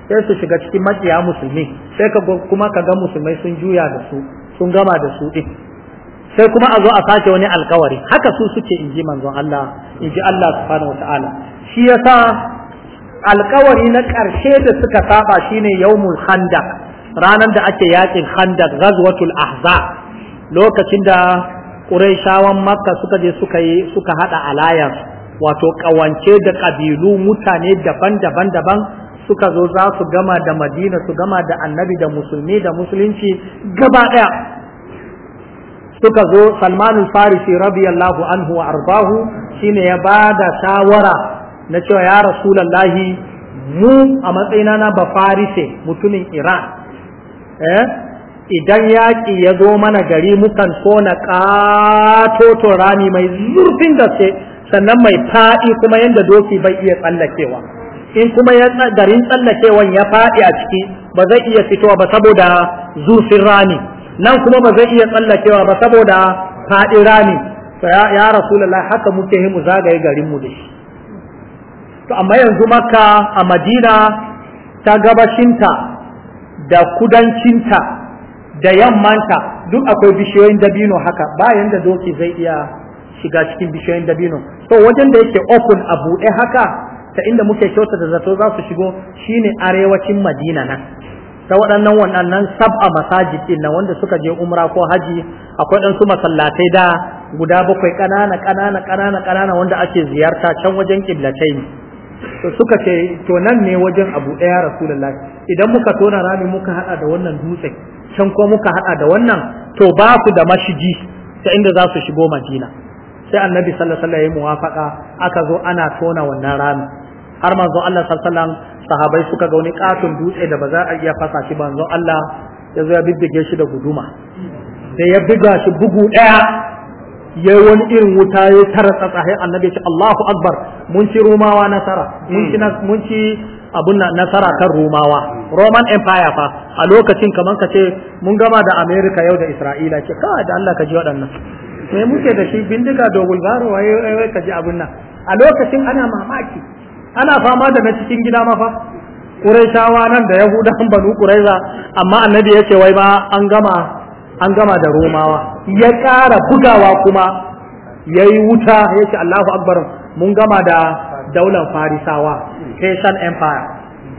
sai su shiga cikin maƙiya musulmi sai ka kuma ka ga musulmai sun juya da su sun gama da su ɗin sai kuma a zo a sake wani alkawari haka su suke in ji manzon Allah in ji Allah subhanahu wataala shi yasa alkawari na ƙarshe da suka saba shine yawmul khandaq ranar da ake yakin handar ghazwatul ahza. lokacin da quraishawan makka suka je suka yi suka hada wato kawance da kabilu mutane daban-daban daban suka zo za su gama da madina su gama da annabi da musulmi da musulunci gaba daya suka zo salmanul farisi radiyallahu anhu wa arbahu shine ya bada shawara na cewa ya rasulallahi mu a matsayina na farise mutumin iran Eh? idan yaƙi ya zo mana gari mukan tona ƙatoto rami mai zurfin gaske sannan mai faɗi kuma yadda doki bai iya tsallakewa in kuma garin tsallakewan ya faɗi a ciki ba zai iya fitowa ba saboda zurfin rami nan kuma ba zai iya tsallakewa ba saboda faɗi rami ya rasulullah haka muke yi mu zagaye garinmu da shi to amma yanzu makka a madina ta gabashinta da kudancinta da yammanta duk akwai bishiyoyin dabino haka bayan da doki zai iya shiga cikin bishiyoyin dabino so wajen da yake open a buɗe haka ta inda muke kyauta da zato za su shigo shine arewacin madina nan ta waɗannan waɗannan sab'a masajid din nan wanda suka je umra ko haji akwai ɗansu masallatai da guda bakwai ƙanana ƙanana ƙanana ƙanana wanda ake ziyarta can wajen ƙiblatai suka ce to nan ne wajen abu ɗaya rasulullah idan muka tona rami muka hada da wannan dutse, can ko muka hada da wannan to ba su da mashigi ta inda za su shigo madina sai annabi sallallahu alaihi wasallam ya muwafaka aka zo ana tona wannan rami har manzo Allah sallallahu alaihi wasallam sahabai suka ga wani katon dutse da ba za a iya fasa shi manzo Allah ya zo ya bibbige shi da guduma sai ya buga shi bugu ɗaya ya yi wani irin wuta ya tara tsatsahe annabi ya ce Allahu Akbar mun ci Rumawa nasara mun ci abun nasara kan Rumawa Roman Empire fa a lokacin kamar ka ce mun gama da America yau da Isra'ila ce ka da Allah ka ji waɗannan me muke da shi bindiga da bulgaro yau ka ji abun nan a lokacin ana mamaki ana fama da na cikin gida mafa Qurayshawa nan da Yahudan Banu za amma annabi ya ce wai ba an gama an gama da Romawa ya ƙara bugawa kuma ya yi wuta ya ce Allahu Akbar mun gama da daular farisawa Persian Empire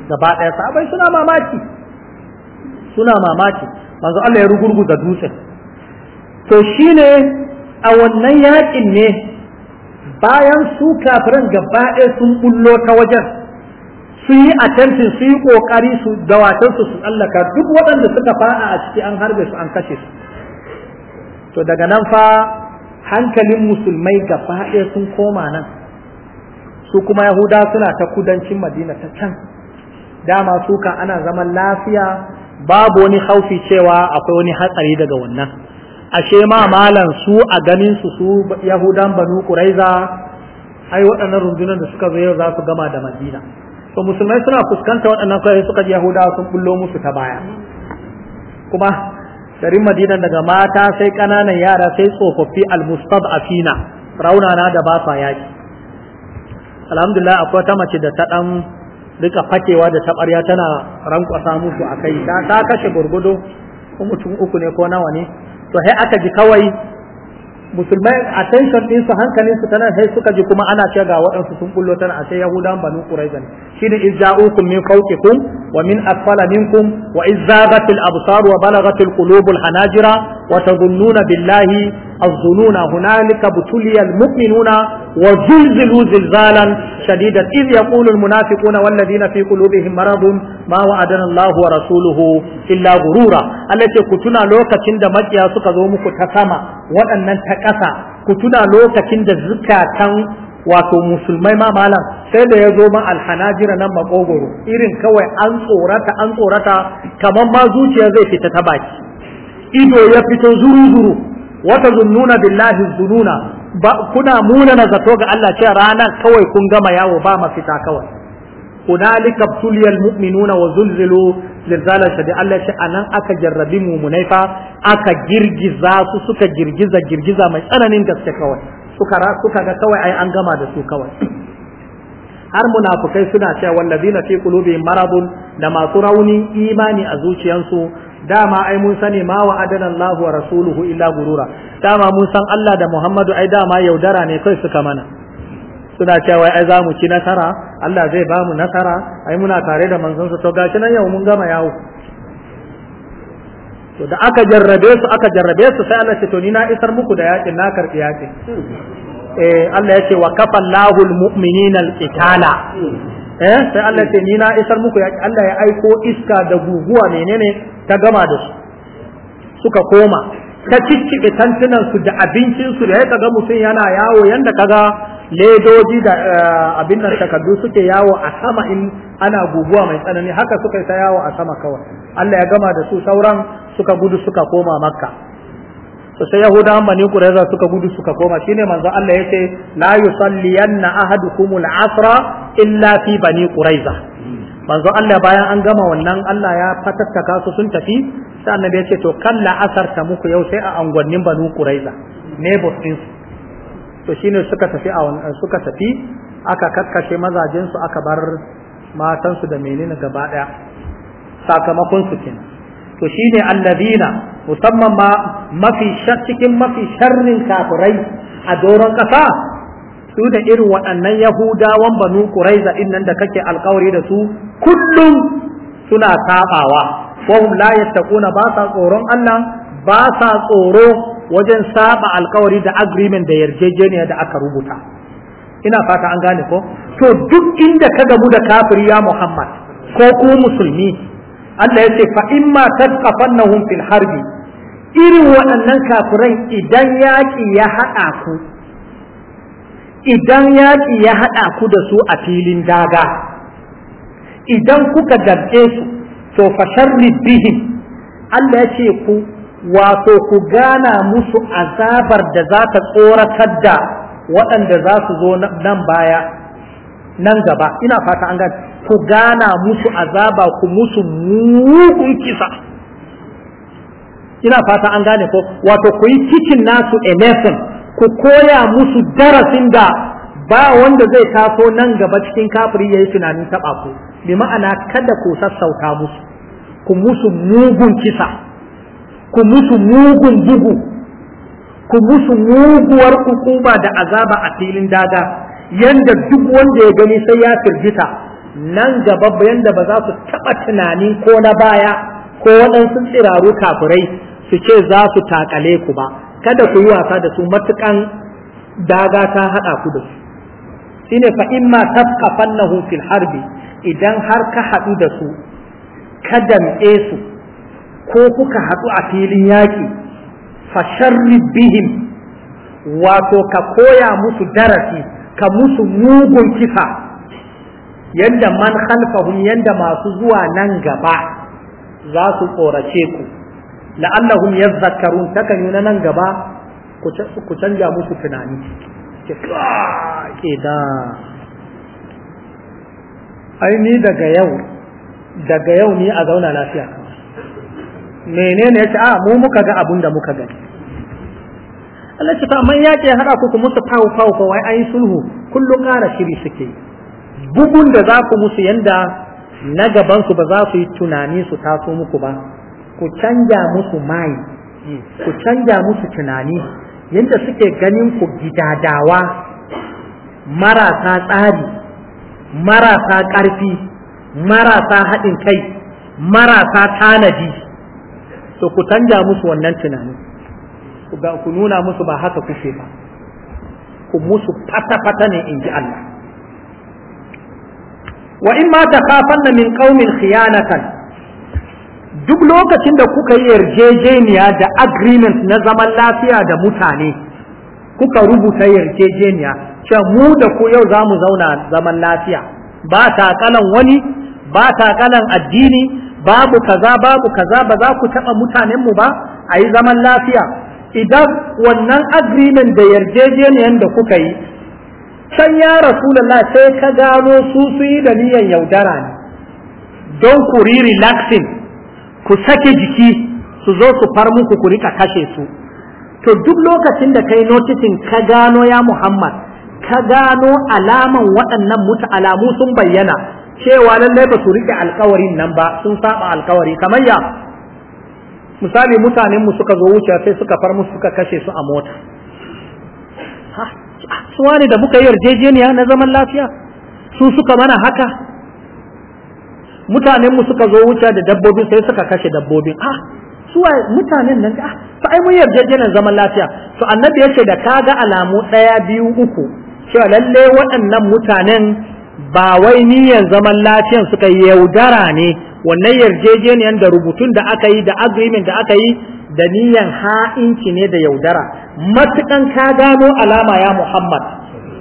gaba ɗaya sabai suna mamaki suna mamaki manzo Allah ya da dutsen to shi ne a wannan yaƙin ne bayan su kafirin gaba ɗaya sun bullo ta wajen su yi attempting su yi ƙoƙari su dawatar su su tsallaka duk waɗanda suka fa'a a ciki an harbe su an kashe su to daga nan fa hankalin musulmai ga ɗaya sun koma nan su kuma yahuda suna ta kudancin madina ta can dama su kan ana zaman lafiya babu wani haufi cewa akwai wani hatsari daga wannan ashe ma malan su a ganin su su yahudan banu quraiza ai waɗannan rundunar da suka zo yau za su gama da madina to musulmai suna fuskanta waɗannan kai suka ji sun bullo musu ta baya kuma garin madina daga mata sai ƙananan yara sai tsofaffi rauna raunana da ba sa yaki alhamdulillah akwai ta mace da ta dan rika fakewa da ta tabarya tana rankwasa musu a kai ta kashe gurgudu ko mutum uku ne ko nawa ne to sai aka ji kawai musulmai attention din su hankalin su tana sai suka ji kuma ana ce ga waɗansu sun kullo tana a sai yahudan banu quraiza ne shine izza'ukum min fawqikum wa min asfala minkum wa izzabatil absar wa balagatil qulubul hanajira wa tadhunnuna billahi az-zununa hunalika butuliyal mu'minuna wa zulzilu zilzalan shadidan idh yaqulu al-munafiquna wal ladina fi qulubihim maradun ma wa'adana Allah wa rasuluhu illa ghurura Allah ce ku tuna lokacin da makiya suka zo muku ta sama waɗannan ta ƙasa ku tuna lokacin da zukatan wato musulmai ma malam sai da ya zo ma alhanajira nan makogoro irin kawai an tsorata an tsorata kamar ma zuciya zai fita ta baki ido ya fito zuru zuru wata zununa billahi zununa kuna munana zato ga Allah cewa ranar kawai kun gama yawo ba mafita kawai hunalika tuliyal mu'minuna wa zulzilu zilzalar shadi Allah shi anan aka jarrabi mumunai fa aka girgiza su suka girgiza girgiza mai tsananin gaske kawai suka suka ga kawai ai an gama da su kawai har munafukai suna cewa wallazina fi qulubihim maradun da masu rauni imani a zuciyansu dama ai mun sani ma wa adana Allahu wa rasuluhu illa gurura dama mun san Allah da Muhammadu ai dama yaudara ne kai suka mana suna cewa ai za mu ci nasara Allah zai ba mu nasara ai muna tare da sa to gashi nan yau mun gama yawo to da aka jarrabe su aka jarrabe su sai Allah ya ce to ni na isar muku da yaƙin na karbi yaƙin. eh Allah ya ce wa kafallahu almu'minina alqitala eh sai Allah ya ce ni na isar muku yakin Allah ya aiko iska da guguwa menene ta gama da su suka koma ta cicciɓe tantunan su da abincin su da ya kaga mutum yana yawo yanda kaga ledoji da eh, abin nan takardu suke yawo a sama in ana guguwa mai tsanani haka suka yi ta yawo a sama kawai Allah ya gama da su sauran suka gudu suka koma makka to sai yahudawan bani qurayza suka gudu suka koma shine manzo Allah yace la yusalliyanna al asra illa fi bani qurayza manzo Allah bayan an gama wannan Allah ya fatattaka su sun tafi sai annabi yace to kalla asarta muku yau sai a angwannin bani qurayza ne din to shine suka tafi a wannan suka tafi aka kakkashe mazajensu aka bar matansu da menene gaba daya sakamakon su kin to shine alladina musamman ma mafi cikin mafi sharrin kafirai a doron ƙasa. su da irin waɗannan yahudawan banu quraiza innan da kake alƙawari da su kullum suna tabawa wa hum la yattaquna ba sa tsoron Allah ba sa tsoro wajen saba alkawari da agreement da yarjejeniya da aka rubuta ina fata an gane ko to duk inda ka gamu da kafiri ya Muhammad ko ku musulmi Allah ya ce fa ma tasqafannahum fil harbi irin waɗannan kafirai idan yaƙi ya haɗa ku idan yaƙi ya haɗa ku da su a filin daga idan kuka garke su to fa sharri bihim Allah ya ce ku wato ku gana musu azabar da za ta tsoratar da waɗanda za su zo nan baya nan gaba ina fata an gani ku gana musu azaba ku musu mugun kisa ina fata an gane ko wato ku yi cikin nasu a ku koya musu darasin da ba wanda zai taso nan gaba cikin kafiri ya yi tunanin taɓa ku bi ma'ana kada ku sassauta musu ku musu mugun kisa ku musu mugun jibu ku musu muguwar hukuma da azaba a filin daga yanda duk wanda ya gani sai ya firgita nan gaba yanda ba za su taɓa tunani ko na baya ko waɗansu tsiraru kafirai su ce za su takale ku ba kada ku yi wasa da su matukan daga ta haɗa ku da su shine fa tafka fannahu fil harbi idan har ka haɗu da su ka damƙe su ko kuka hatsu a filin yaƙi fasharrib bihim wato ka koya musu darasi ka musu mugun kifa yadda man khalfahum yadda masu zuwa nan gaba za su tsorace ku la'allahum yadhakkarun takan yuna nan gaba ku canja musu tunani ke ke da ai daga yau daga yau ni a zauna lafiya menene yace a ah, mu muka ga abun da muka ga? Allah ya ce amma ya ce hada ku musu fawo fawo ko wai ayi sulhu kullum ƙara shiri suke bugun da za ku musu yanda na gaban ku ba za su yi tunani su taso muku ba ku canja musu mai ku canja musu tunani yanda suke ganin ku gidadawa marasa tsari marasa ƙarfi marasa haɗin kai marasa tanadi to ku canja musu wannan tunanin ku nuna musu ba haka kuke ba ku musu fata-fata ne in ji Allah wa in ma kafanna min qaumin khiyanatan duk lokacin da kuka yi yarjejeniya da agreement na zaman lafiya da mutane kuka rubuta yarjejeniya cewa mu da ku yau za mu zauna zaman lafiya ba ta kalan wani ba ta kalan addini babu kaza babu kaza ba za ku taɓa mutanenmu ba a yi zaman lafiya idan wannan agreement da yarjejeniyar da kuka yi can ya rasulallah sai ka gano su su yi da niyan yaudara ne don ku ri relaxing ku sake jiki su zo su far muku ku rika kashe su to duk lokacin da kai noticing ka gano ya muhammad ka gano alaman waɗannan mutu alamu sun bayyana cewa lallai ba su riƙe alkawarin nan ba sun saba alkawari kamar ya misali mutanen mu suka zo wuce sai suka far musu suka kashe su a mota su wani da muka yi yarjejeniya na zaman lafiya su suka mana haka mutanen mu suka zo wuce da dabbobin sai suka kashe dabbobin ah su mutanen nan ah to ai mun yarjejeniyar zaman lafiya to annabi yace da kaga alamu daya biyu uku cewa lalle waɗannan mutanen ba wai niyan zaman lafiyan suka yaudara ne wannan yarjejeniyar da rubutun da aka yi da agreement da aka yi da niyan ha'inci ne da yaudara matukan ka gano alama ya Muhammad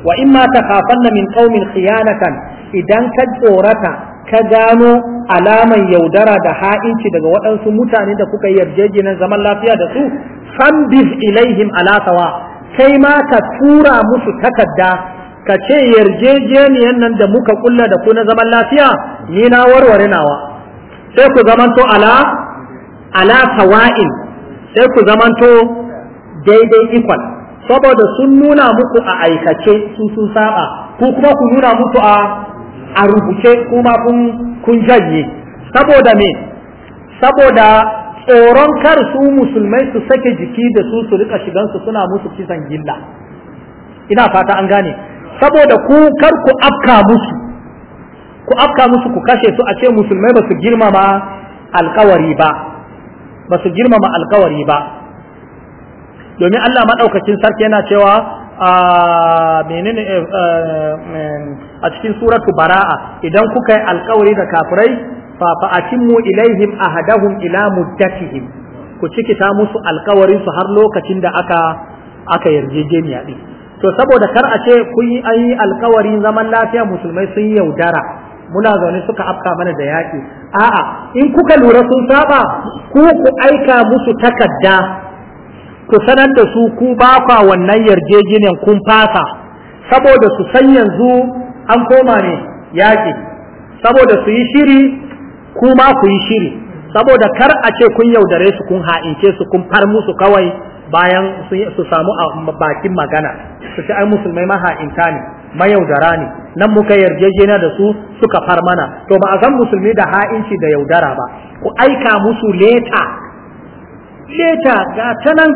wa in ma takafanna min qaumin khiyanatan idan ka tsorata ka gano alaman yaudara da ha'inci daga waɗansu mutane da kuka yarjejeniyar zaman lafiya da su Fambis ilaihim ala sawa kai ma ka tura musu takarda ka ce yarjejeniyan nan da muka kulla da ku na zaman lafiya ni na warware nawa sai ku zamanto ala ala tawa'in sai ku zamanto daidai ikon, saboda sun nuna muku a aikace su sun saba ku kuma ku nuna muku a a rubuce kuma kun kun janye saboda me saboda tsoron kar su musulmai su sake jiki da su su rika shigansu suna musu kisan gilla ina fata an gane saboda ku kar ku afka musu ku afka musu ku kashe su a ce musulmai ba su girmama alkawari ba ba su girmama alkawari ba domin Allah maɗaukacin sarki yana cewa a menene eh, eh, a cikin suratu bara'a idan kuka yi alkawari da kafirai fa atimmu ilaihim ahadahum ila muddatihim ku cikita musu alkawarin su har lokacin da aka aka yarjejeniya din to saboda kar a ce kun yi ayi alkawari zaman lafiya musulmai sun yi yaudara muna zaune suka afka mana da yaƙi a'a in kuka lura sun saba ku ku aika musu takadda ku sanar da su ku ba kwa wannan yarjejeniyar kun fasa saboda su san yanzu an koma ne yaƙi saboda su yi shiri kuma ku yi shiri saboda kar a ce kun yaudare su kun ha'ince su kun far musu kawai bayan su samu a bakin magana su ce ai musulmai maha'inta ne mayaudara ne nan muka yarjejena da su suka far mana to ba a zan musulmi da ha'inci da yaudara ba ku aika musu leta leta ga ta nan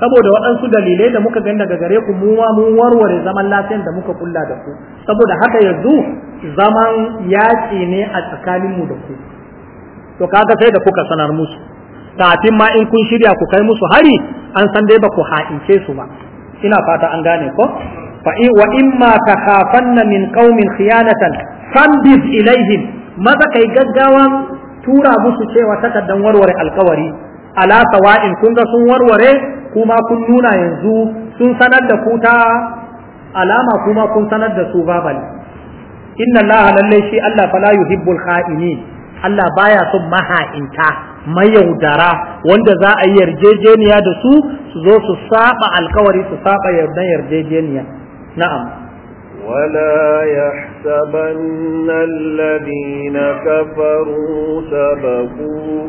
saboda waɗansu dalilai da muka gani daga gare ku mu ma mun warware zaman lafiyan da muka kulla da ku saboda haka yanzu zaman yaƙi ne a tsakaninmu da ku to kaga sai da kuka sanar musu kafin ma in kun shirya ku kai musu hari an san dai ba ku ha'ince su ba ina fata an gane ko fa in wa ka takhafanna min qaumin khiyanatan fambiz ilaihim maza kai gaggawa tura musu cewa takaddan warware alkawari ala sawa'in kun ga sun warware kuma kun nuna yanzu sun sanar da ku ta alama kuma kun sanar da su babali inna allaha lalle shi allah fala yuhibbul kha'inin Allah baya son maha'inta mayaudara wanda za a yi yarjejeniya da su su zo su saba alkawari su saba yardan yarjejeniya na'am ولا يحسبن الذين كفروا سبقوا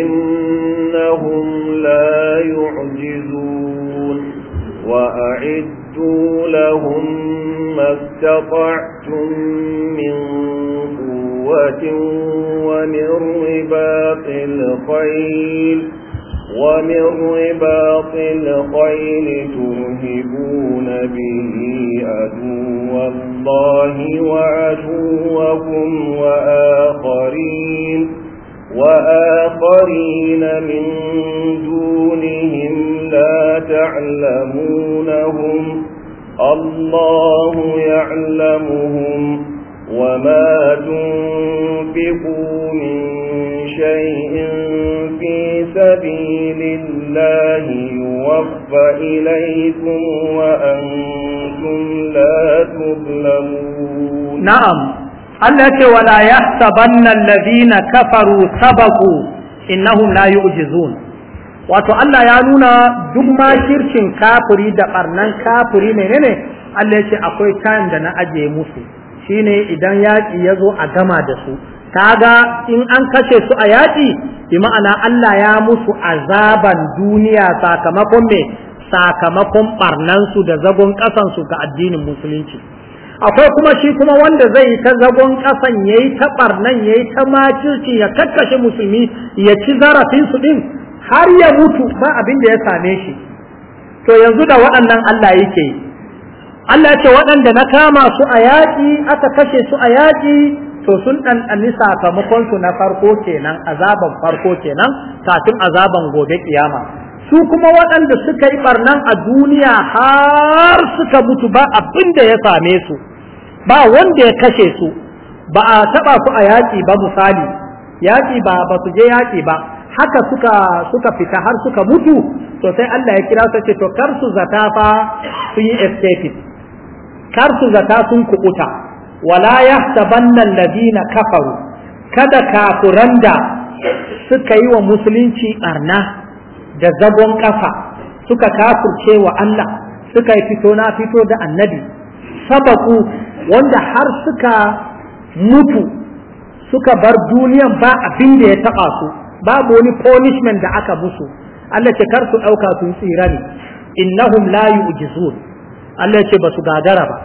إنهم لا يعجزون وأعدوا لهم ما استطعتم من ومن رباط الخيل ومن رباط الخيل ترهبون به أدو الله وعدوكم وآخرين وآخرين من دونهم لا تعلمونهم الله يعلمهم وما تنفقوا من شيء في سبيل الله يوفى إليكم وأنتم لا تظلمون نعم التي ولا يحسبن الذين كفروا سبقوا إنهم لا يعجزون wato Allah ya nuna duk ma shirkin kafiri da ɓarnan kafiri menene Allah ya ce akwai kayan da na aje musu shine idan yaƙi ya zo a gama da su kaga in an kashe su a yaƙi bi ma'ana Allah ya musu azaban duniya sakamakon me sakamakon ɓarnansu da zagon su ga addinin musulunci akwai kuma shi kuma wanda zai yi ta zagon ƙasan yayi yi ta barnan ya yi ta makirci ya kakkashe musulmi ya ci zarafinsu din har ya mutu ba abin da ya same shi to yanzu da waɗannan Allah yake yi Allah ce waɗanda na kama su a yaƙi aka kashe su a yaƙi to sun ɗanɗani sakamakonsu na farko kenan azaban farko kenan kafin azaban gobe kiyama su kuma waɗanda suka yi ɓarnan a duniya har suka mutu ba abin da ya same su ba wanda ya kashe su ba a taɓa su a yaƙi ba misali yaƙi ba ba su je yaƙi ba haka suka suka fita har suka mutu to sai Allah ya kira su ce to kar su zata fa su yi estetis. kar su zata sun kukuta wala yahtabanna ladina kafaru kada kafuran da suka yi wa musulunci barna da zagon kafa suka kafurce wa Allah suka yi fito na fito da annabi sabaku wanda har suka mutu suka bar duniyan ba abin da ya taba su babu wani punishment da aka musu Allah ce kar su dauka su tsira ne innahum la yu'jizun Allah ya ce ba su gagara ba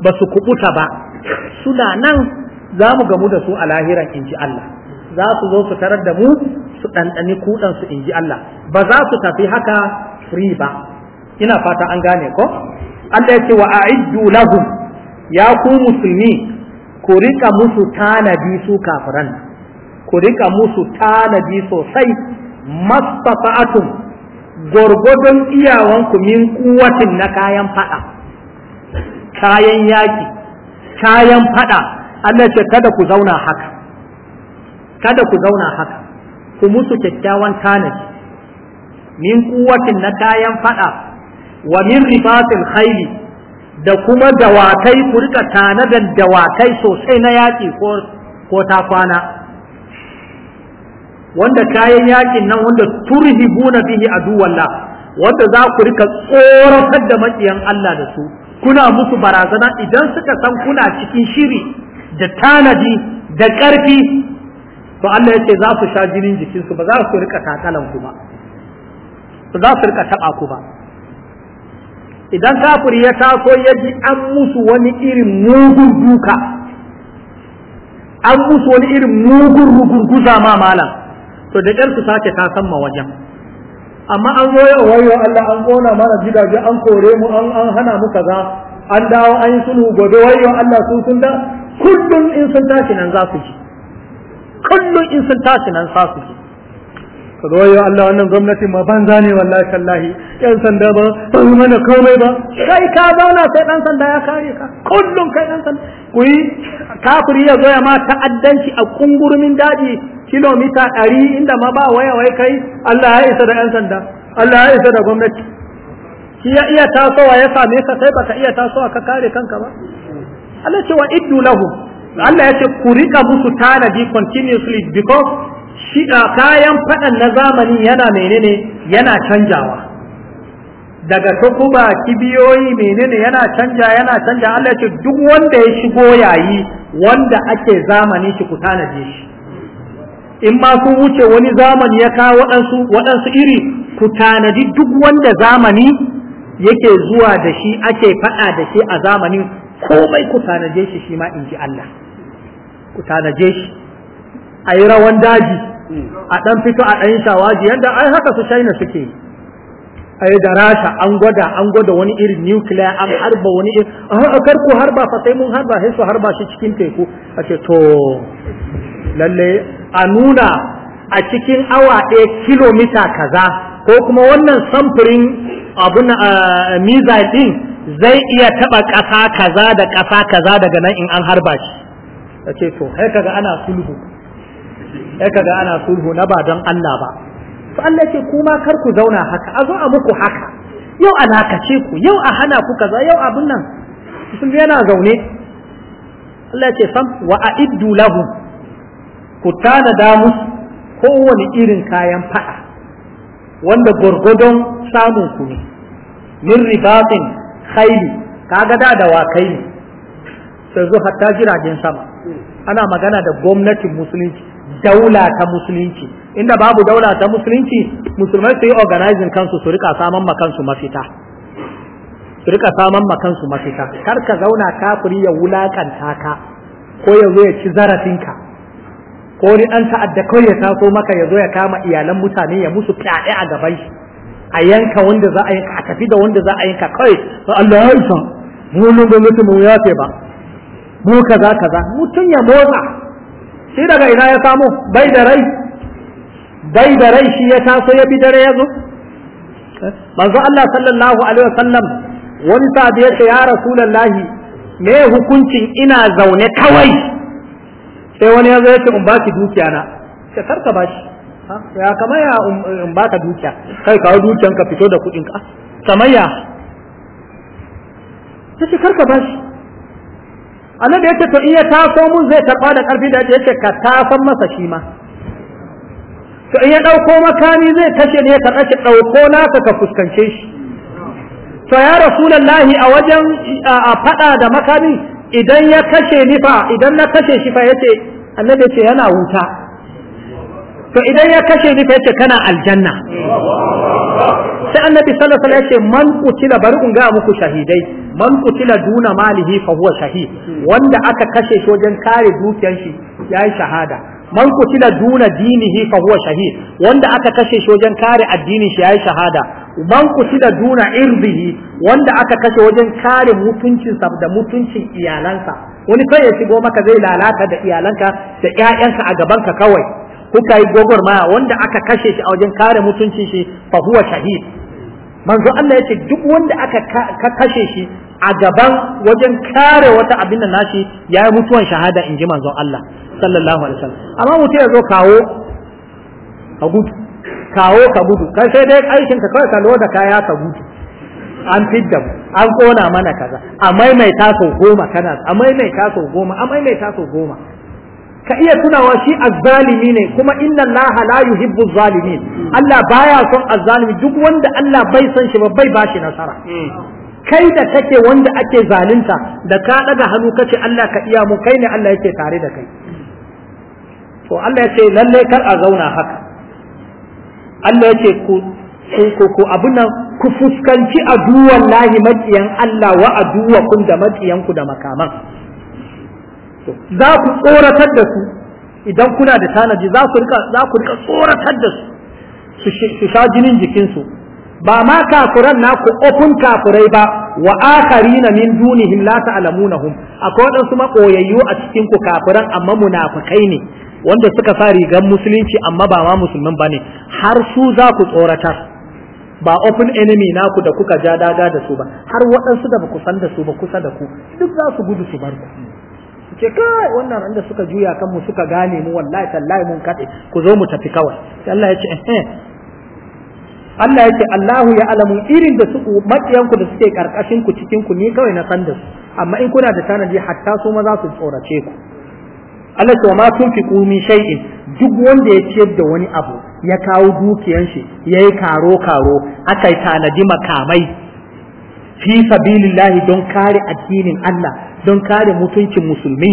ba su kubuta ba suna nan za mu gamu da su a lahiran in ji Allah za su zo su tarar da mu su ɗanɗani kuɗansu in ji Allah ba za su tafi haka free ba ina fata an gane ko Allah ya ce wa a'iddu lahum ya ku musulmi ku riƙa musu tanadi su kafiran ku rika musu tanadi sosai mastata'atum gwargwadon iyawanku min kuwatin na kayan fada kayan yaki kayan fada Allah ce kada ku zauna haka kada ku zauna haka ku musu kyakkyawan tanadi min kuwatin na kayan fada wa min ribatil khayli da kuma dawakai ku rika tanadan dawakai sosai na yaki ko ko ta kwana wanda kayan yakin nan wanda turhibuna bihi aduwallah wanda za ku rika tsoratar da maƙiyan Allah da su kuna musu barazana idan suka san kuna cikin shiri da tanadi da ƙarfi to Allah ya ce za su sha jinin jikinsu ba za su rika takalan ku ba ba za su rika taɓa ku ba idan kafiri ya taso ya ji an musu wani irin mugun duka an musu wani irin mugun rugurguza ma malam to da ƙyar su sake ta san wajen amma an zo yau wayo Allah an kona mana gidaje an kore mu an an hana mu kaza an dawo an yi sulhu gobe wayo Allah su sun da kullum in sun tashi nan za su ji kullum in sun tashi nan za su ji ka zo wayo Allah wannan gwamnati ma banza ne wallahi tallahi yan sanda ba ba yi mana komai ba kai ka zauna sai dan sanda ya kare ka kullum kai dan sanda ku yi kafiri ya zo ya ma ta'addanci a kungurumin daji kilomita ɗari inda ma ba waya wai kai Allah ya isa da ƴan sanda Allah ya isa da gwamnati shi ya iya tasowa ya same ka sai baka iya tasowa ka kare kanka ba Allah ce wa iddu lahu Allah ya ce ku rika musu tanadi continuously because shi kayan faɗan na zamani yana menene yana canjawa daga tukuba kibiyoyi menene yana canja yana canja Allah ya ce duk wanda ya shigo yayi wanda ake zamani shi ku tanaje shi in ma wuce wani zamani ya kawo waɗansu waɗansu iri ku tanadi duk wanda zamani yake zuwa da shi ake faɗa da shi a zamanin komai ku tanaje shi shi ma in ji Allah ku tanaje shi a yi rawan daji a ɗan fito a ɗan shawaji yadda ai haka su shaina suke ai da rasha an gwada an gwada wani irin nuclear an harba wani irin a harba fa sai mun harba sai su harba shi cikin teku a to lalle a nuna a cikin awa ɗaya kilomita kaza ko kuma wannan samfurin abin uh, miza ɗin zai iya taɓa ƙasa kaza da ƙasa kaza daga nan in an harba shi ta ce to sai ana sulhu sai ana sulhu na ba don Allah ba to Allah ce kuma kar ku zauna haka a zo a muku haka yau a nakace ku yau a hana ku kaza yau abin nan sun yana zaune Allah ce sam wa a'iddu lahum ku tanada musu kowane irin kayan fada wanda gwargwadon samun ku ne min ribatin khairi kaga da dawakai ne sai zo hatta jiragen sama ana magana da gwamnatin musulunci daula ta musulunci inda babu daula ta musulunci musulmai su yi organizing kansu su rika saman ma kansu mafita su rika saman ma kansu mafita kar ka zauna kafiri ya wulakanta ka ko ya ya ci zarafinka ko ni ɗan ta'adda kawai ya taso maka ya zo ya kama iyalan mutane ya musu fyaɗe a gaban shi a yanka wanda za a yanka a tafi da wanda za a yanka kawai to Allah ya isa mu nan gwamnati mu ya ba mu kaza kaza mutum ya motsa shi daga ina ya samu bai da rai bai da rai shi ya taso ya bi dare ya zo manzo Allah sallallahu alaihi wasallam wani sahabi ya ce ya rasulullahi me hukuncin ina zaune kawai sai wani ya zo ya ce in baki dukiya na ka karka bashi ya kamaya um, in baka dukiya kai kawo dukiyan ka fito da kuɗin ah, ka samayya ta ce karka bashi annabi ya ce to in ya taso mun zai karɓa da ƙarfi da ya ce ka tasan masa shi ma to in ya ɗauko makami zai kashe ne ka kashe ɗauko naka ka fuskance shi to ya rasulallahi a wajen a faɗa da makami idan ya kashe ni fa idan na kashe shi fa yace annabi ce yana wuta to idan ya kashe ni fa yace kana aljanna sai annabi sallallahu alaihi wasallam yace man qutila bari in ga muku shahidai man qutila duna malihi fa huwa shahid wanda aka kashe shi wajen kare dukiyar shi yayi shahada man kutila duna dinihi fa huwa shahid wanda aka kashe shi wajen kare addinin shi yayi shahada man kutila duna irbihi wanda aka kashe wajen kare mutuncin sa da mutuncin iyalansa wani kai ya shigo maka zai lalata da iyalanka da ƴaƴanka a gabanka kawai kuka yi gogor maya wanda aka kashe shi a wajen kare mutuncin shi fa huwa shahid manzo Allah ce duk wanda aka ka kashe shi a gaban wajen kare wata abin da nashi ya yi mutuwan shahada in ji Allah sallallahu alaihi wasallam amma mutum ya zo kawo ka gudu kawo ka gudu kai sai dai aikin ka kawai ka loda kaya ka gudu an fidda an kona mana kaza a maimaita sau goma kana a maimaita sau goma a maimaita sau goma ka iya tunawa shi azzalimi ne kuma inna Allah la yuhibbu zalimin Allah baya son azzalimi duk wanda Allah bai san shi ba bai bashi nasara hmm. kai da kake wanda ake zalunta da ka daga hannu kace Allah ka iya mu kai ne Allah yake tare da kai to Allah ya ce lalle kar a zauna haka Allah ya ce ku ku ku abun nan ku fuskanci aduwan lahi maƙiyan Allah wa aduwa kun da maƙiyan ku da makaman za ku tsoratar da su idan kuna da tanaji za ku rika za ku rika tsoratar da su su sha jinin jikinsu ba ma kafiran ku ofin kafirai ba wa akharina min dunihim la ta'lamunahum akwai waɗansu makoyayyu a cikin ku kafiran amma munafikai ne wanda suka sa rigar musulunci amma ba ma musulmin bane har su za ku tsoratar ba open enemy ku da kuka ja daga da su ba har waɗansu da ba ku san da su ba kusa da ku duk za su gudu su bar ku ce kai wannan inda suka juya kan mu suka gane mu wallahi tallahi mun kade ku zo mu tafi kawai sai Allah ya ce eh Allah ya ce Allahu ya alamu irin da su ku da suke karkashin ku cikin ku ni kawai na san da su amma in kuna da tanadi hatta su ma su tsorace ku Allah ce wa ma tunfiqu min shay'in duk wanda ya ciyar da wani abu ya kawo dukiyan shi yayi karo karo akai tanadi makamai fi sabilillahi don kare addinin Allah don kare mutuncin musulmi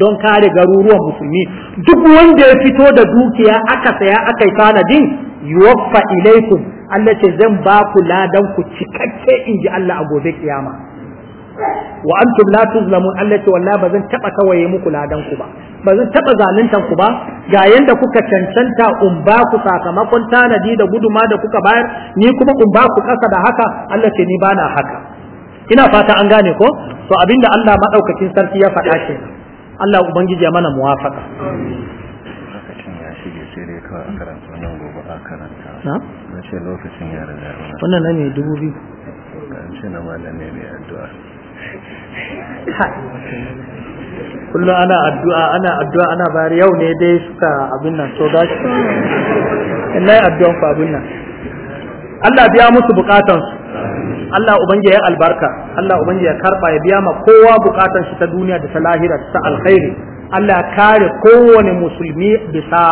don kare garuruwan musulmi duk wanda ya fito da dukiya aka saya aka yi tanadin yuwaffa ilaikum Allah ce zan ba ku ladan ku cikakke in ji Allah a gobe kiyama wa antum la tuzlamun Allah ce wallahi ba zan taba kawaye muku ladan ku ba ba zan taba zaluntan ku ba ga yanda kuka cancanta um ba ku sakamakon tanadi da guduma da kuka bayar ni kuma in ba ku kasa da haka Allah ce ni bana haka ina fata an gane ko to abinda Allah madaukakin sarki ya faɗa ke Allah ubangiji ya mana muwafaka wannan na ne dubu biyu kullum ana addu'a ana addu'a ana bayar yau ne dai suka abin nan so da shi in na yi addu'an ku abin nan Allah biya musu bukatansu Allah ubangiji ya albarka Allah ubangiji ya karba ya biya ma kowa bukatar shi ta duniya da ta lahira ta alkhairi Allah kare kowane musulmi bisa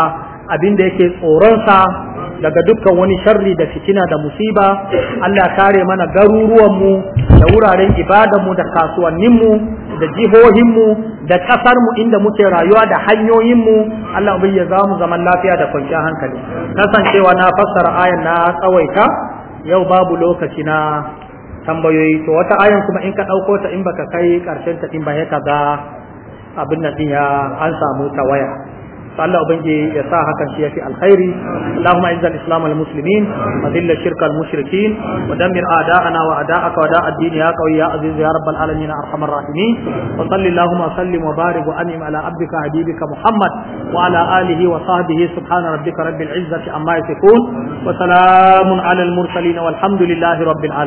abin da yake tsoronsa daga dukkan wani sharri da fitina da musiba Allah kare mana garuruwanmu da wuraren mu da kasuwanninmu da jihohinmu da ƙasarmu inda muke rayuwa da hanyoyinmu Allah bai ya za mu zaman lafiya da kwanciyar hankali kasancewa na fassara ayan na kawaita. yau babu lokaci na tambayoyi to wata ayan kuma in ka ɗauko ta in baka kai ƙarshen ta in ba ya kaza abin nan ya an samu ta waya Allah ubangi ya sa hakan shi yafi alkhairi Allahumma izza al-islam wal muslimin wa dhill ash-shirk al mushrikin wa dammir a'da'ana wa a'da'aka wa da'a ad-din ya qawi ya aziz ya rabbal alamin arhamar rahimin wa salli Allahumma sallim wa barik wa an'im ala abdika habibika Muhammad wa ala alihi wa sahbihi subhana rabbika rabbil izzati amma yasifun wa salamun ala al mursalin walhamdulillahi rabbil alamin